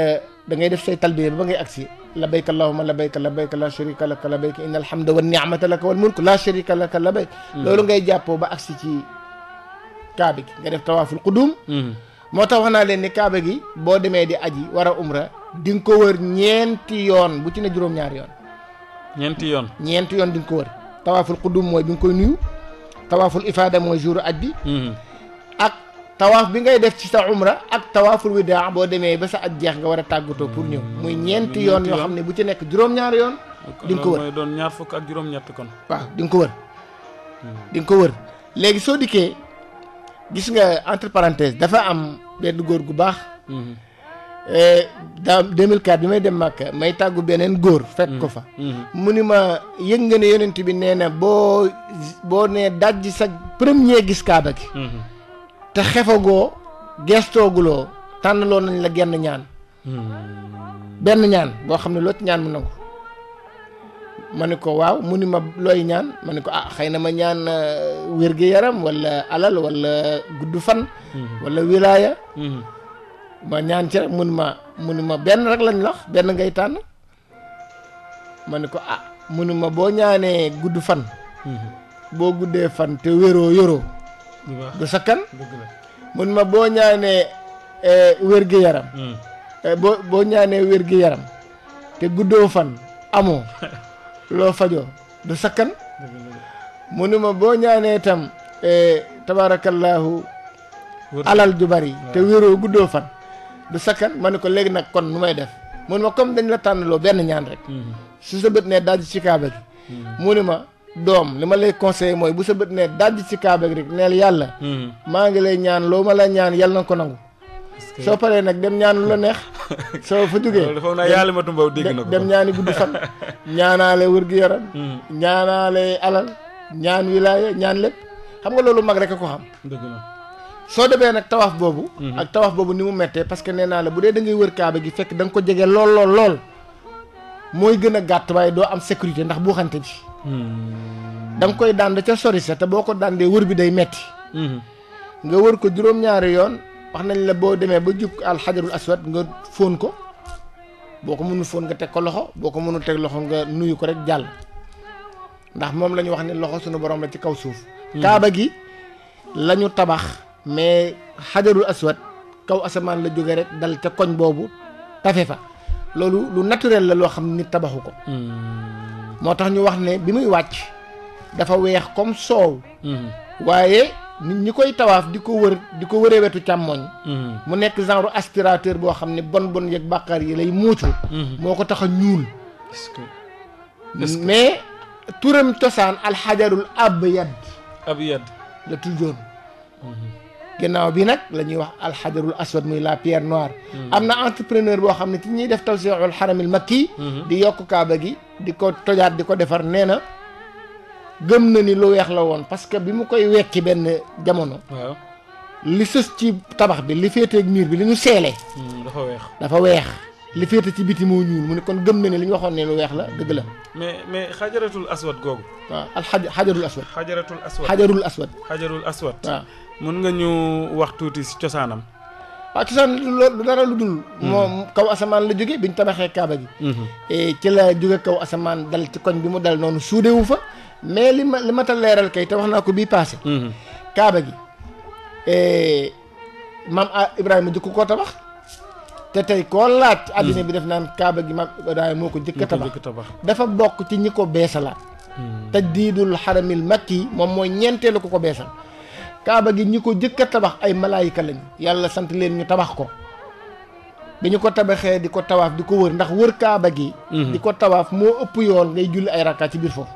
da ngay def sa talbiya ba ngay agsi labayka allahumma labayka labayka la sharika laka labayka inna alhamda wa ni'mata laka wal mulk la sharika laka labayk mhm. loolu ngay jàppoo ba agsi ci kaaba gi nga def tawaaful qudum moo tax wax naa leen ni kaaba gi boo demee di aji war a umra di nga ko wër ñeenti yoon bu ci ne juróom-ñaari yoon ñeenti yoon ñeenti yoon di ko wër tawaful qudum moy bi nga koy nuyu tawaful ifada moy jour addi mhm. ak tawaf bi ngay def ci sa umra ak tawaful wida bo demé ba sa aj jeex nga wara a pour ñew moy ñeenti yoon yo xam bu ci nek juroom ñaar yoon di ko wër moy doon ñaar fuk ak juroom ñett kon wa di ko wër di ko wër légui so dikkee gis nga entre parenthèses dafa am benn goor gu baax mhm. Euh, daa 2004 bi may dem Màkka may tàggu beneen góor. fekk ko mm. fa. Mm-hmm. mu ni ma yëg nga ne yonent bi nee na boo boo nee dajji sa premier gis kaaba gi. Mm-hmm. te xefagoo gestooguloo tànnaloo nañ la genn ñaan. Mm-hmm. benn ñaan boo xam ne loo ci ñaan mu nangu. ma ne ko waaw mu ni ma looy ñaan ma ne ko ah xëy na ma ñaan euh, wér-gu-yaram wala alal wala gudd fan. wala wilaaya. ma ñaan ci rek mënuma mënuma munu benn rek lañ wax benn ngay tànn ma ko ah mënuma boo ñaanee gudd fan mhm. boo guddee fan te wéroo yoroo du sakkan mun ma boo ñaanee eh, wér gi yaram mm. eh, boo boo ñaanee wér gi yaram te guddoo fan amoo loo fajoo du sakkan munuma boo ñaanee tam eh, tabarakallahu alal ju bari te wéroo guddoo fan du sakkan ma ne ko léegi nag kon lu may def mu ne ma comme dañ la tànnaloo benn ñaan rek mm-hmm. su sa bët nee daal ci kaaba gi mm-hmm. mu ne ma doom li ma lay conseillé mooy bu sa bët nee daal ci kaaba gi rek neel yàlla mm-hmm. maa ngi lay ñaan loo ma la ñaan yàlla na ko nangu soo paree nag dem ñaan lu la neex soo fa duggee dafa naa yàlla ma tumbaw dégg na ko dem ñaani gudd fan ñaanaale wër-gu-yaram ñaanaale alal ñaan wilaaya ñaan lépp xam nga loolu mag rekk a ko xam dëgg soo demee nag tawaaf boobu. Mhm. ak tawaaf boobu ni mu méttee parce que nee naa la bu dee da ngay wër kaaba gi fekk danga ko jege lool lool lool mooy gën a gàtt waaye doo am sécurité ndax buuxante bi. Hmm. da nga koy dànd ca sori sa te boo ko dàndee wër bi day metti hmm. nga wër ko juróom-ñaari yoon wax nañ la boo demee ba jub alxajarul aswad nga fóon ko boo ko mënul fóon nga teg ko loxo boo ko mënul teg loxo nga nuyu ko rek jàll ndax moom la ñu wax ne loxo suñu borom la ci kaw suuf. Hmm. kaaba gi la tabax. mais xajarul aswad kaw asamaan la jóge rek dal ca koñ boobu tafe fa loolu lu naturel la loo xam nit tabaxu ko hmm. moo tax ñu wax ne bi muy wàcc dafa weex comme soow hmm. waaye nit ñi koy tawaaf di ko wër di ko wëree wetu càmmooñ hmm. mu nekk genre aspirateur boo xam ne bon bon yeeg bàkkaar yi lay muucu moo ko tax a ñuul mais turam cosaan alxajarul abyad abyad la tuddoon ginnaaw bi nag la ñuy wax alxajarul aswad muy la pierre noire am na entrepreneur boo xam ne ci ñuy def tawsiixul xaramil makki di yokk kaaba gi di ko tojaat di ko defar nee na gëm na ni lu weex la woon parce que bi mu koy wekki benn jamono li sës ci tabax bi li féete ak miir bi li ñu seele dafa weex dafa weex li féete ci biti moo ñuul mu ne kon gëm na ni li ñu waxoon ne lu weex la dëgg la mais mais xajaratul aswad googu waaw al xajarul aswad xajaratul aswad xajarul aswad xajarul aswad waaw mën nga ñëw wax tuuti si cosaanam. waaw cosaan lu dara lu dul. Hmm. moom kaw asamaan la jóge bi ñu tabaxee Kaaba gi. Hmm. Eh, ci la jóge kaw asamaan dal ci koñ bi mu dal noonu suudewu fa mais li ma li ma ta leeral kay te wax naa ko bii paase. Hmm. Kaaba gi eh, maam Ibrahima jëkku koo tabax te tey koo laaj. addina bi def naan Kaaba gi maam Ibrahima moo ko jëkk a tabax dafa bokk ci ñi ko beesalaat. tajdiidul xaramil makki moom mooy ñeenteelu ko ko beesal. kaaba gi ñi ko jëkk a tabax ay malaayika lañ yàlla sant leen ñu tabax ko dañu ko tabaxee di ko tawaaf di ko wër ndax wër kaaba gi mhm. di ko tawaaf moo ëpp yoon ngay julli ay rakka ci biir foofu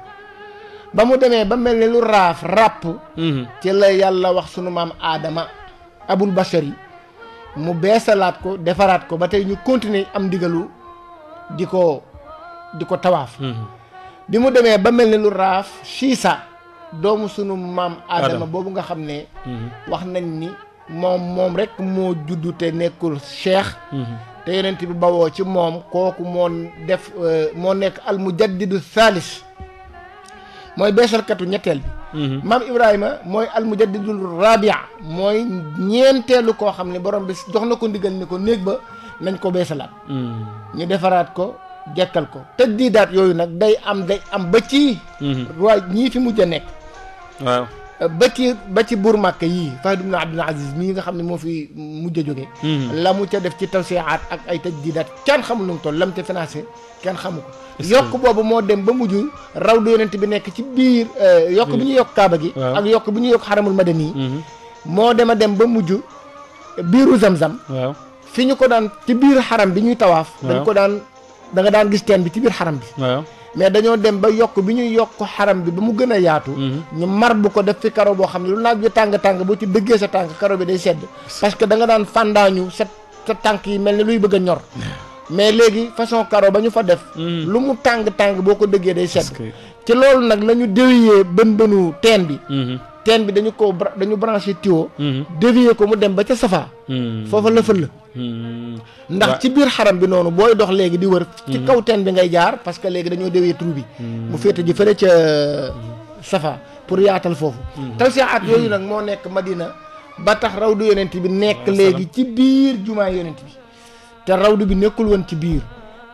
ba mu demee ba mel ne lu raaf ràpp mhm. ci la yàlla wax sunu maam aadama abul yi mu beesalaat ko defaraat ko ba tey ñu continuer am ndigalu di ko di ko tawaaf mhm. bi mu demee ba mel ne lu raaf shiisa doomu sunu maam aadama boobu nga xam ne mhm. wax nañ ni moom moom rek moo juddu te nekkul cheikh mhm. te yonent bi bawoo ci moom kooku moo def euh, moo nekk al mujaddidu thalis mooy beesalkatu ñetteel bi mhm. maam ibrahima mooy al mujaddidul rabia mooy ñeenteelu koo xam ne borom bi jox na ko ndiggal ni ko néeg ba nañ ko beesalaat ñu defaraat ko jekkal ko tëj diidaat yooyu nag day am day am ba ci waa ñii fi mujj a nekk waaw ba ci ba ci buur màkk yii Fahd ibn Abdul Aziz mii nga xam ne moo fi mujj a jóge hmm. la mu ca def ci tawsiaat ak ay tajdiidaat kenn xamul nu mu toll lam ca financé kenn xamu ko yokk boobu moo dem ba mujj raw du yonent bi nekk ci biir euh, hmm. yokk bi ñuy yokk kaaba gi ak yokk bi ñu yokk xaramul madani yi hmm. moo dem a dem ba mujj biiru zam-zam waaw fi ñu ko daan ci biir xaram bi ñuy tawaaf dañ ko daan da daan gis teen bi ci biir xaram bi mais dañoo dem ba yokk bi ñuy yokk xaram bi ba mu gën a yaatu mhm. ñu mar bu ko def fi karo boo xam ne lu naaj bi tàng-tàng boo ci dëggee sa tànk karo bi day sedd parce que da nga daan fàndaañu sa sa tànk yi mel ni luy bëgg a ñor mais léegi façon karo ba ñu fa def mhm. lu mu tàng-tàng boo ko dëggee day sedd ci loolu nag la ñu déwiyee bën bënu teen bi mhm. teen bi dañu ko dañu branché tuyau. Mhm. dévier ko mu dem ba ca Safa. Mhm. foofa la la mhm. ndax ci biir xaram bi noonu booy dox léegi di wër. ci kaw teen bi ngay jaar parce que léegi dañoo dévier trou bi. mu féete ji fële ca euh, Safa pour yaatal foofu. tawsiyaat yooyu nag moo nekk Madina ba tax rawdu yonent bi nekk léegi ci biir jumaa yonent bi te rawdu bi nekkul woon ci biir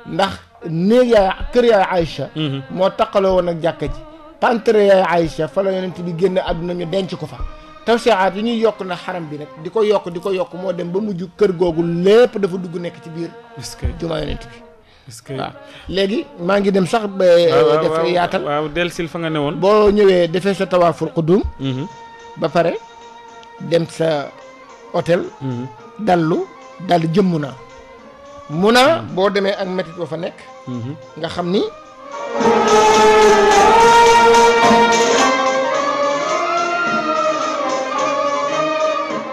ndax néeg yaa kër ay Aïcha. moo taqaloo woon ak jàkka ji. pantre yaay Aïcha fa la yonent bi génn àdduna ñu denc ko fa tawsiaat yi ñuy yokk na xaram bi nag di ko yokk di ko yokk moo dem ba mujj kër googu lépp dafa dugg nekk ci biir jumaa yonent bi waaw léegi maa ngi dem sax ba eh, def yaatal waaw delsil fa nga ne woon boo ñëwee defee sa tawaaful xudum mm-hmm. ba pare dem sa hôtel mm-hmm. dallu dal jëmm naa mun a mm-hmm. boo demee ak métit ba fa nekk nga xam ni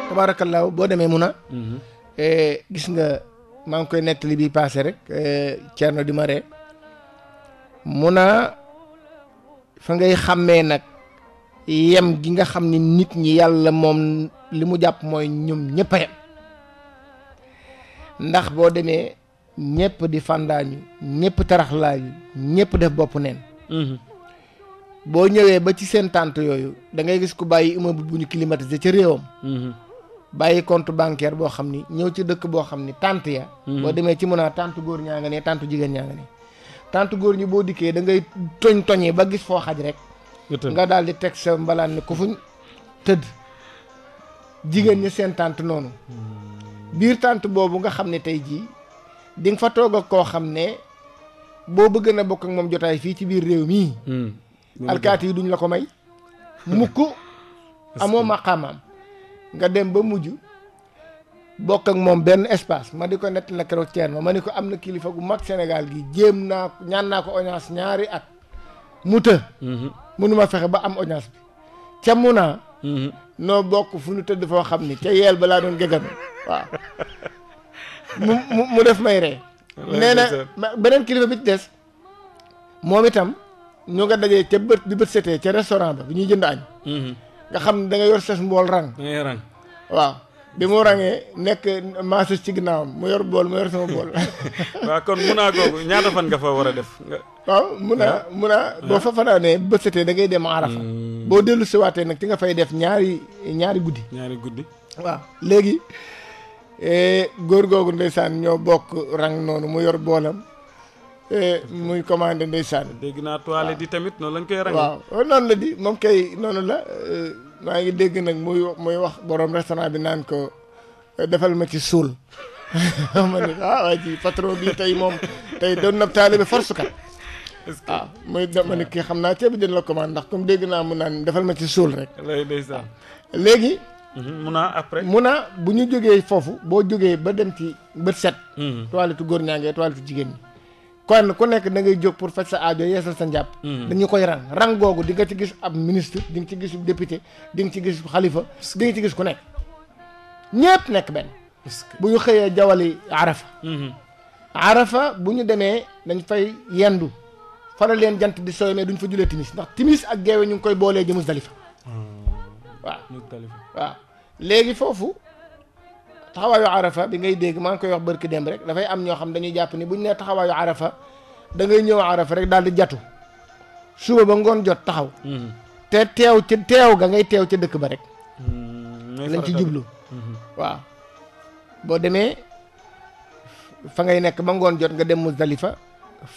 tabaarakallaahu boo demee mun a mhm. eh, gis nga maa ngi koy nettali bi paase rek eh, Thierno di ma ree mun a fa ngay xàmmee nag yem gi nga xam ni nit ñi yàlla moom li mu jàpp mooy ñoom ñëpp a ndax boo demee ñëpp di fandaañu ñëpp taraxlaañu ñëpp def bopp neen mhm. boo ñëwee ba ci seen tànt yooyu da ngay gis ku bàyyi immeuble bu ñu climatisé ca réewam mhm. bàyyi compte bancaire boo xam ni ñëw ci dëkk boo xam ni tànt ya mhm. boo demee ci mën a tànt góor ñaa nga ne tànt jigéen ñaa nga ne tànt góor ñi boo dikkee dangay ngay toñ toñi ba gis foo xaj rek nga daal di teg sa mbalaan ne ku fuñ tëdd jigéen ñi seen tànt noonu biir tànt boobu nga xam ne tey jii di nga fa toog koo xam ne boo bëgg na bokk moom jotaay fii ci biir réew mii. Hmm. alkaati yi duñ la ko may. mukk amoo maqaamaam nga dem ba mujj bokk ak moom benn espace ma di ko nett la keroog ceer ma ma ni ko am na kilifa gu mag Sénégal gi jéem naa ñaan naa ko audience ñaari at mu të. Hmm. mënuma fexe ba am audience bi ca mu naa hmm. noo bokk fu ñu tëdd foo xam ni ca yeel balaa doon gégame waaw mu mu def may ree nee beneen kilifa bi des moom itam ñoo nga dajee ca bët bi bët setee ca restaurant ba bu ñuy jënd añ mm-hmm. nga xam ne da nga yor ses mbool rang rang waaw bi mu rangee nekk maasus ci ginnaawam mu yor bool mu yor sama bool waaw kon mun naa googu ñaata fan nga fa war a def waaw mun naa mun a boo fa fanaanee bët setee da ngay dem arafa mm. boo dellu siwaatee nag ci nga fay def ñaari ñaari guddi ñaari guddi waaw léegi E góor googu ndeysaan ñoo bokk rang noonu mu yor boolam e muy commandé ndeysaan dégg naa toilette di tamit noonu lañ koy rang waaw noonu la di moom kay noonu la e maa ngi dégg nag muy muy wax borom restaurant bi naan ko defal ma ci suul ma ni ah waa ji patron tey moom tey doon nab taalibe force kat waaw ah, muy dama ni kii xam naa ceeb bi dina la commande ndax comme dégg naa mu naan defal ma ci suul rek léegi Mhm, mun muna après. a bu ñu jógee foofu boo jógee ba dem ci bët set. Mhm. toilette góor ñaa ngi toilette jigéen ñi. kon ku nekk da ngay jóg pour faj sa aajo yeesal sa njàpp. Mhm. dañu koy rang rang googu di nga ci gis ab ministre di nga ci gis député dinga ci gis xalifa di ci gis ku nekk. ñëpp nekk benn. bu ñu xëyee jawali arafa. arafa bu ñu demee dañ fay yendu. faral leen jant di sooy mais duñ fa julee timis ndax timis ak geewe ñu ngi koy boolee jëmus dalifa ah. waaw waaw léegi foofu taxawaayu arafa bi ngay dégg maa ngi koy wax barki dem rek dafay am ñoo xam dañuy jàpp ni bu ñu nee taxawaayu arafa da ngay ñëw arafa rek daal di jatu suba ba ngoon jot taxaw mm-hmm. te teew ga ngay teew ca dëkk ba rek mm-hmm. lañ ci jublu mm-hmm. waaw boo demee fa ngay nekk ba ngoon jot nga dem Muzdalifa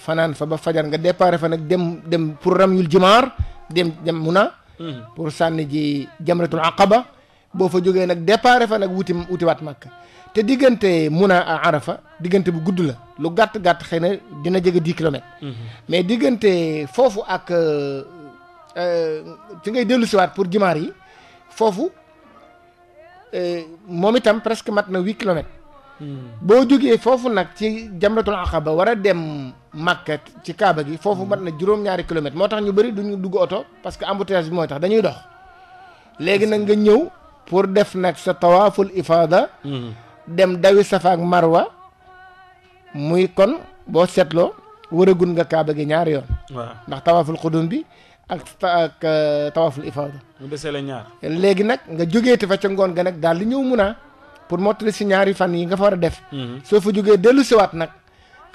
fanaan fa ba fajar nga déparé fa nag dem dem pour ramyul jimaar dem dem muna pour sànni ji jamratul aqaba boo fa jógee nag départ fa nag wuti wutiwaat makka te diggante Muna à Arafa diggante bu gudd la lu gàtt gàtt xëy na dina jege dix kilomètres. Mhm. mais diggante foofu ak euh, euh, fi ngay dellu siwaat pour jimaar yi foofu euh, moom itam presque mat na huit kilomètres. boo jógee foofu nag ci jamratul aqaba war a dem màkka ci kaaba gi foofu mm. mat na juróom-ñaari kilomètre moo tax ñu bëri duñu dugg oto parce que embouteillage bi mooy tax dañuy dox léegi nag nga ñëw pour def nag sa tawaaful ifaada mm. dem dawi safa ak marwa muy kon boo seetloo wëragun nga kaaba gi ñaari yoon waaw ndax tawaaful xudum bi ak ak euh, tawaaful ifaada mu desee la ñaar léegi nag nga jógeete fa ca ngoon ga nag daal di ñëw mun a pour mottali si ñaari fan yi nga fa war a def mhm. soo fa jógee dellu siwaat nag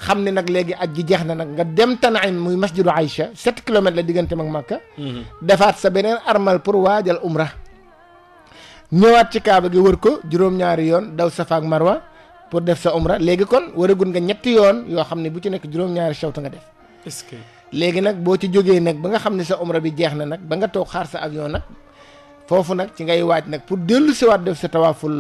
xam ne nag léegi aj ji jeex na nag nga dem Tanaim muy masjidu Aïcha sept kilomètres la diggante mag Màkka mhm. defaat sa beneen armal pour waajal umra ñëwaat ci kaaba gi wër ko juróom-ñaari yoon daw safa ak marwa pour def sa umra léegi kon waragul nga ñetti yoon yoo xam ne bu ci nekk juróom-ñaari shawta nga def est que léegi nag boo ci jógee nag ba nga xam ne sa umra bi jeex na nag ba nga toog xaar sa avion nag foofu nag ci ngay waaj nag pour dellu siwaat def sa tawaaful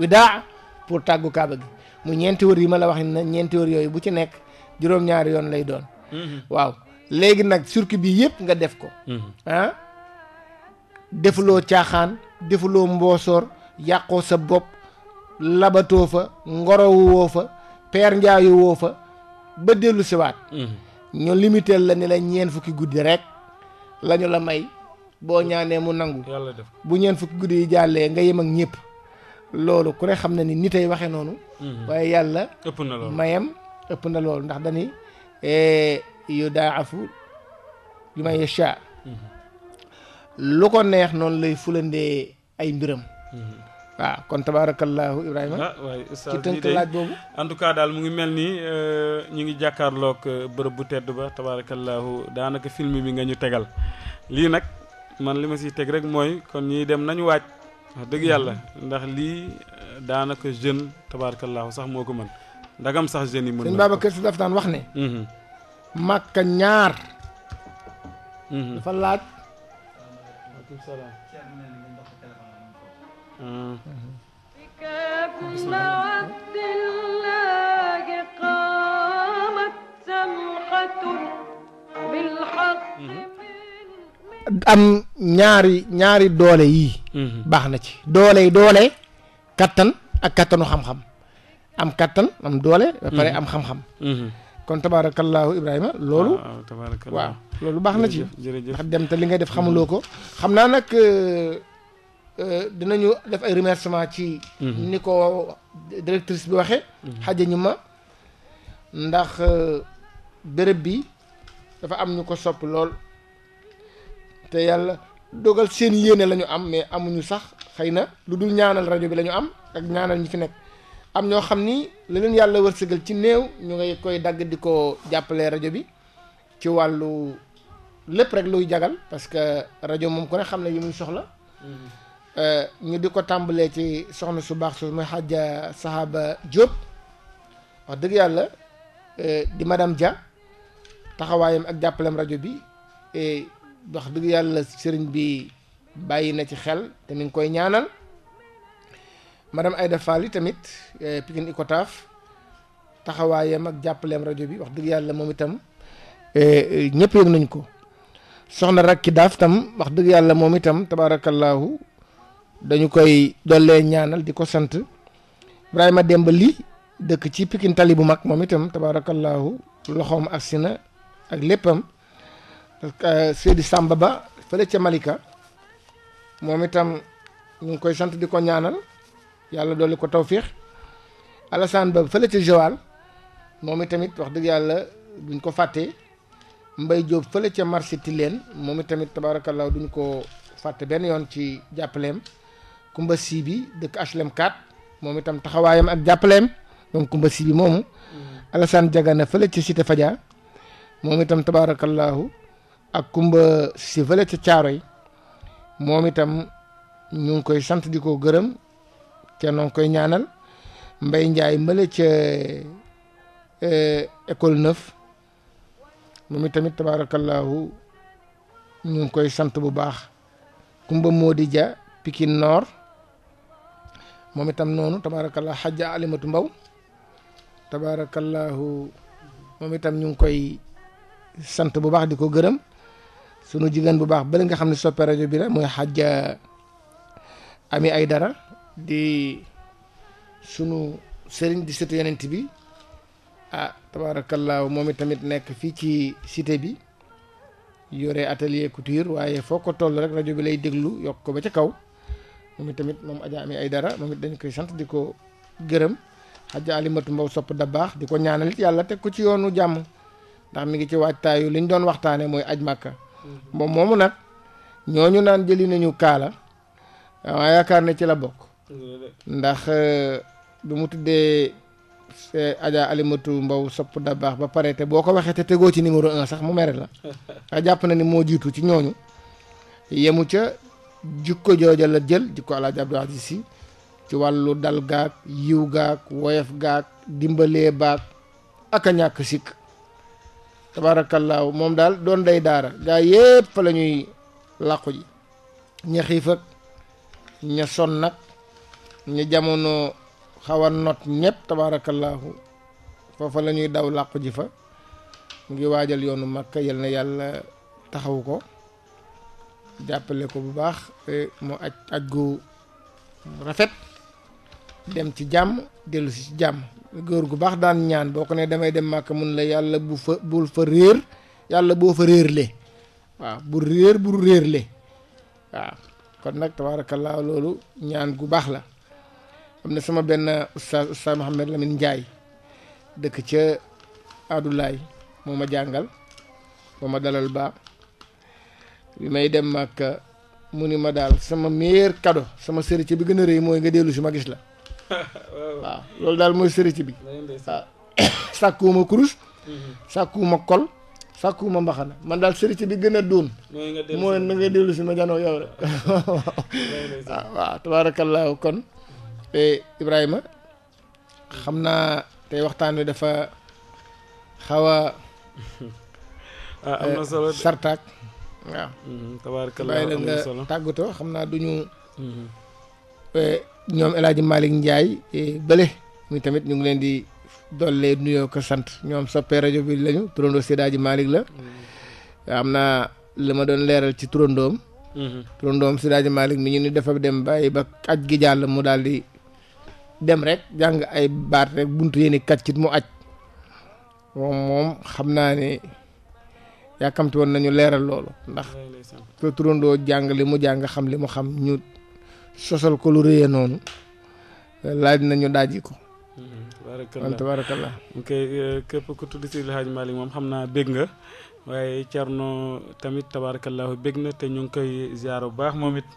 widaa pour tàggu kaaba gi mu ñeenti wër yi ma la wax na ñeenti wër yooyu bu ci nekk juróom-ñaari yoon lay doon mm-hmm. waaw léegi nag surki bi yëpp nga def ko mm-hmm. ah defuloo caaxaan defuloo mboosoor yàqoo sa bopp labatoo fa ngorowu woo fa peer njaayu fa ba dellu siwaat mm-hmm. ñu limité la ni la ñeen fukki guddi rek lañu la may boo ñaanee mu nangu bu ñeen fukki guddi yi jàllee nga yem ak loolu ku ne xam na ni nit ay waxee noonu. Mhm. waaye yàlla. ëpp na loolu mayam ëpp na lool ndax dañuy e, yu daa afu li may yasha mhm. lu ko neex noonu lay fulandee ay mbiram. Mhm. waaw kon tabaarakallaahu Ibrahima. Ah, ci tënk laaj boobu. en tout cas daal mu ngi mel nii e, ñu ngi jàkkaarloog e, bërëb bu tedd ba tabaarakallaahu daanaka film bi nga ñu tegal lii nag man li ma siy teg rek mooy kon ñi dem nañu waaj. wax dëgg yàlla ndax lii daanaka jeune tabaarkallaahu sax moo ko mën ndagam sax jeunes yi mën sëñ Babacar Si daf daan wax ne màkka ñaar dafa laaj waaleykum salaam قامت سمحة بالحق am ñaari ñaari doole yi mhm. baax na ci doole yi doole kattan ak kattanu xam-xam am kattan am doole ba pare mhm. am xam-xam mhm. kon tabaarakallaahu ibrahima loolu waaw loolu baax na ci ndax dem te li ngay def xamuloo ko xam naa nag euh, euh, dinañu def ay remerciement ci ni ko directrice bi waxee xaja ma ndax euh, béréb bi dafa am ñu ko sopp lool te yàlla dogal seen yéene la ñu am mais amuñu sax xëy na lu dul ñaanal rajo bi lañu am ak ñaanal ñi fi nekk am ñoo xam ni la leen yàlla wërsëgal ci néew ñu ngay koy dagg di ko jàppale rajo bi ci wàllu lépp rek luy jagal parce que rajo moom ko ne xam ne yi muy soxla mm-hmm. euh, ñu di ko tàmbalee ci soxna su baax su muy xajja sahaba Diop wax dëgg yàlla euh, di madam ja taxawaayam ak jàppalem rajo bi wax dëgg yàlla sëriñ bi bàyyi na ci xel te mi ngi koy ñaanal madame Aïda Fall yi tamit eh, Pikine Icotaf taxawaayam ak jàppaleem rajo bi wax dëgg yàlla moom itam eh, eh, ñëpp yëg nañ ko soxna rakki daaf tam wax dëgg yàlla moom itam tabaarakallaahu dañu koy dollee ñaanal di ko sant Ibrahima Demba li dëkk ci Pikine tali bu mag moom itam tabaarakallaahu loxoom agsi na ak léppam Euh, sidi Samba Ba fele ci Malika moom itam ñu koy sant di ñaanal yalla doli ko tawfiq Alassane Ba fele ci Joal moom itamit wax deug yalla buñ ko fàttee Mbaye Diop fele ci marché tilen moom itamit tabarakallah duñ ko fàtte ben yon ci jàppaleem Kumba sibi bi dëkk 4 moom itam taxawayam ak jàppaleem donc Kumba Si bi mm. Alassane Diagana fele ci Cité Fadia itam tabarakallah ak kumba si fële ca Caaroy moom itam ñu ngi koy sant di ko gërëm te noo ngi koy ñaanal Mbay Njaay mbale ca eh, école neuf moom itamit tabaarakallaahu ñu ngi koy sant bu baax kumba Moodi Ja pikin Nord moom itam noonu tabaarakallaahu xajja alimatu mbaw tabaarakallaahu moom itam ñu ngi koy sant bu baax di ko gërëm sunu jigéen bu baax bële nga xam ne soppe rajo bi la muy xajja ami ay dara di sunu sëriñ di sëtu yonent bi ah tabaarakallaahu moom tamit nekk fii ci cité bi yore atelier couture waaye foo ko toll rek rajo bi lay déglu yokk ko ba ca kaw moom tamit moom aja ami ay dara moom it dañ koy sant di ko gërëm xajja alimatu mbaw sopp da baax di ko ñaanalit yàlla teg ko ci yoonu jàmm ndax mi ngi ci waajtaayu li ñu doon waxtaane mooy aj màkka moom moomu nag ñooñu naan jëli nañu kaala waaye yaakaar ne ci la bokk ndax eh, bi mu tuddee eh, Adja Alimatu Mbow sopp da baax ba pare te boo ko waxee te ci numéro sax mu la nga na ni moo jiitu ci ñooñu yemu ca jikko jooja la jël jikko Alaaji Abdou Aziz Si ci wàllu dal gaag yiw gaag woyof gaag ak tabaarakallaahu moom daal doon day daara gaa yëpp fa la ñuy làqu ji ña xiif ña son nag ña jamono xaw a not ñëpp tabaarakallaahu foofa la ñuy daw làqu ji fa mu ngi waajal yoonu Makka yal na yàlla taxaw ko jàppale ko bu baax mu aj aj gu rafet dem ci jàmm dellusi ci jàmm góor gu baax daan ñaan boo ko nee damay dem màkk mun la yàlla bu fa bul fa réer yàlla boo fa réerle waaw bu réer bu réerle waaw kon nag tabaarakallaa loolu ñaan gu baax la am na sama benn oustaz oustaz Mouhamed Lamine Ndiaye dëkk ca Adulaay moo ma jàngal ba ma dalal ba bi may dem màkk mu ni ma daal sama meilleur cadeau sama sëriñ bi gën a rëy mooy nga dellu si ma gis la waaw loolu daal mooy sérité bi waaw kurus mhm. sàkkuwuma kol sàkkuwuma mbaxana man daal sérité bi gën a doon mooy nga nga dellu si ma jano yow rek waaw waaw tabaarakallaahu kon e Ibrahima xam naa tey waxtaan wi dafa xaw a ah, am na e, solo sartaak waaw tabaarakallah mhm, bàyyi la nga tàggatoo xam naa duñu mhm. Eh, ñoom El Hadj njaay Ndiaye eh, bële muy tamit ñu ngi leen di dollee nuyoo ko sant ñoom soppee rajo bi lañu turandoo Seydi Hadj Malick la. Mm-hmm. am naa li ma doon leeral ci turandoom. Mm-hmm. turandoom Seydi Hadj Malick mi ñu ni defa dem bàyyi ba aj gi jàll mu daal di dem rek jàng ay baat rek buntu yéen kaccit mu aj moom moom xam naa ne yàkkamti woon nañu leeral loolu ndax. turandoo jàng li mu jàng xam li mu xam ñu. sosal ko lu rëyee noonu laaj nañu daaji ko tabaarakallah mm-hmm. tabaarakallah ok eh, képp ku tudd si El Hadj moom xam naa bég nga waaye Thierno tamit tabaarakallah bég na te ñu ngi koy ziar bu baax moom it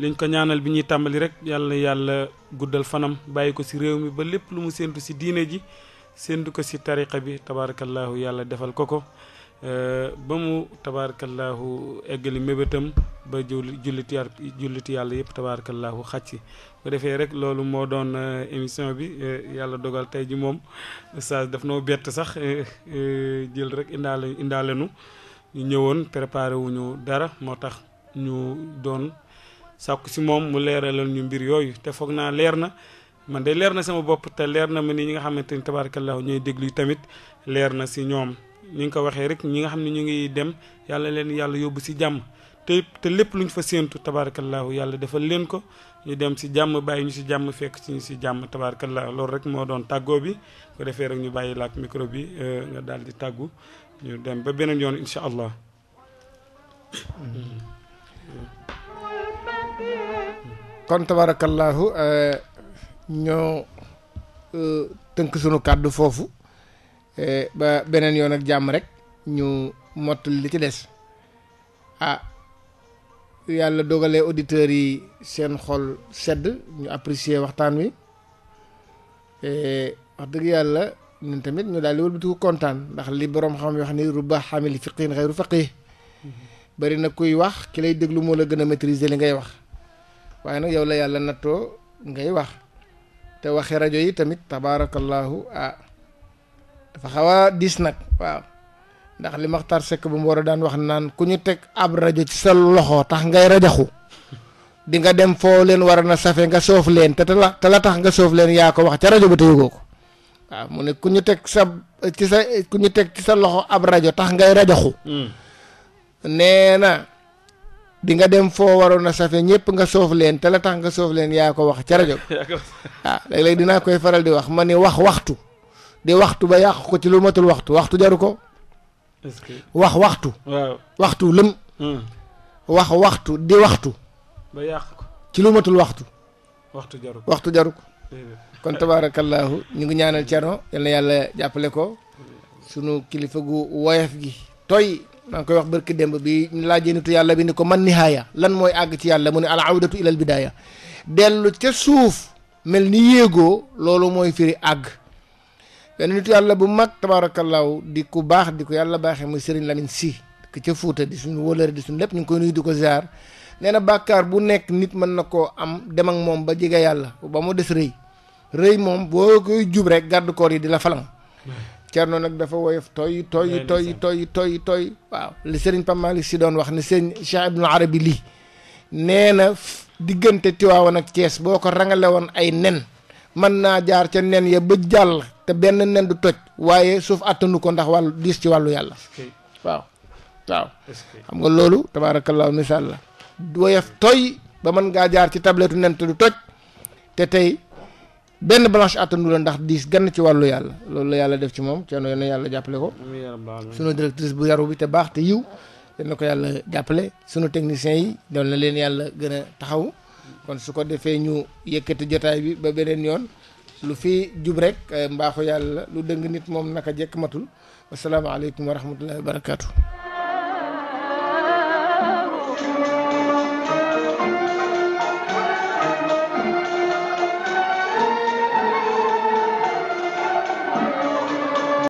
liñ ko ñaanal bi ñuy tàmbali rek yàlla yàlla guddal fanam bàyyi ko si réew mi ba lépp lu mu séentu si diine ji séentu ko si tariqa bi tabaarakallah yàlla defal ko ko Euh, ba mu tabaarakallaahu eggali mébétam ba julliti julliti yàlla yëpp tabaarakallaahu xàcc bu defee rek loolu moo doon euh, émission bi euh, yàlla dogal tey ji moom saa daf noo bett sax jël rek indaale indaale nu ñu ñëwoon préparé wu ñu dara moo tax ñu doon sàkku si moom mu leeralal ñu mbir yooyu te foog naa leer na man de leer na sama bopp te leer na ma ni ñi nga xamante ni tabaarakallaahu ñooy déglu tamit leer na si ñoom. ni ngi ko waxee rek ñi nga xam ne ñu ngi dem yàlla leen yàlla yóbbu si jàmm te te lépp lu ñu fa séentu tabaarakallaahu yàlla defal leen ko ñu dem si jàmm bàyyi ñu si jàmm fekk si ñu si jàmm tabaarakallaahu loolu rek moo doon tàggoo bi defee rek ñu bàyyi laak micro bi euh, nga daal di tàggu ñu dem ba beneen yoon incha allah. kon tabaarakallaahu euh, ñoo euh, tënk sunu kàddu foofu. Eh, ba beneen yoon ak jàmm rek ñu mott li ci des ah yàlla dogalee auditeurs yi seen xol sedd ñu apprécier waxtaan wi eh, wax dëgg yàlla ñun tamit ñu daal di wëlbatiku kontaan ndax li boroom xam yoo xam ni ruba xamili fiqiin xayru faqih bari na kuy wax ki lay déglu moo la gën a maîtriser li ngay wax waaye nag yow la yàlla nattoo ngay wax te waxe rajo yi tamit tabaarakallaahu ah dafa xaw dis nag waaw ndax li Maxtaar Sekk bu mboro daan wax naan ku ñu teg ab rajo ci sa loxo tax ngay rajaxu di nga dem foo leen war na safe nga soof leen te la te la tax nga soof leen yaa ko wax ca rajo ba te yëgoo ko waaw mu ne ku ñu teg sa ci sa ku ñu teg ci sa loxo ab rajo tax ngay rajaxu hmm. nee na di nga dem foo waroon a safe ñëpp nga soof leen te la tax nga soof leen yaa ko wax ca rajo ah léeg-léeg dinaa koy faral di wax ma ni wax waxtu di waxtu ba yàq ko ci lu matul waxtu waxtu jaru ko. wax waxtu. waxtu lëm. Hmm. wax waxtu di waxtu. ci lu matul waxtu. waxtu jaru waxtu jaru ko. kon tabaarakallaahu ñu ngi ñaanal Thierno yal na yàlla jàppale ko. sunu kilifa gu woyof gi toy maa koy wax barki démb bi ñu laajee nitu yàlla bi ni ko man nihaaya lan mooy àgg ci yàlla mu ne al awdatu ilal bidaaya dellu ca suuf mel ni yéegoo loolu mooy firi àgg. benn yàlla bu mag tabaarakallaahu di ku baax di ko yàlla baaxee muy Serigne Lamine Sy ca Fuuta di suñu wóolare di suñu lépp ñu ngi koy ko ziar nee na bàkkaar bu nekk nit mën na koo am dem ak moom ba jege yàlla ba mu des rëy rëy moom boo jub rek garde yi di la nag dafa woyof tooy tooy tooy tooy tooy tooy waaw li Serigne Pape Malick Sy doon wax ne sëñ Cheikh Ibnu Arabi lii nee na diggante Tiwaawan ak Cees boo ko rangale woon ay nen mën naa jaar ca nen ya bët jàll te benn nen du toj waaye suuf attanu ko ndax wàllu diis ci wàllu yàlla waaw waaw xam nga loolu tabaarakallaahu misaal la woyof toy ba man ngaa jaar ci tabletu nen te du toj te tey benn blanche attanu la ndax diis gann ci wàllu yàlla loolu la yàlla def ci moom ceeno yal na yàlla jàppale ko sunu directrice bu yaru bi te baax te yiw yal na ko yàlla jàppale sunu technicien yi doon na leen yàlla gën a taxaw kon su ko defee ñu yëkkati jotaay bi ba beneen yoon lu fi jub rek mbaaxu yàlla lu dëng nit moom naka jekk matul wasalaamaaleykum wa rahmatullahi wa barakaatu.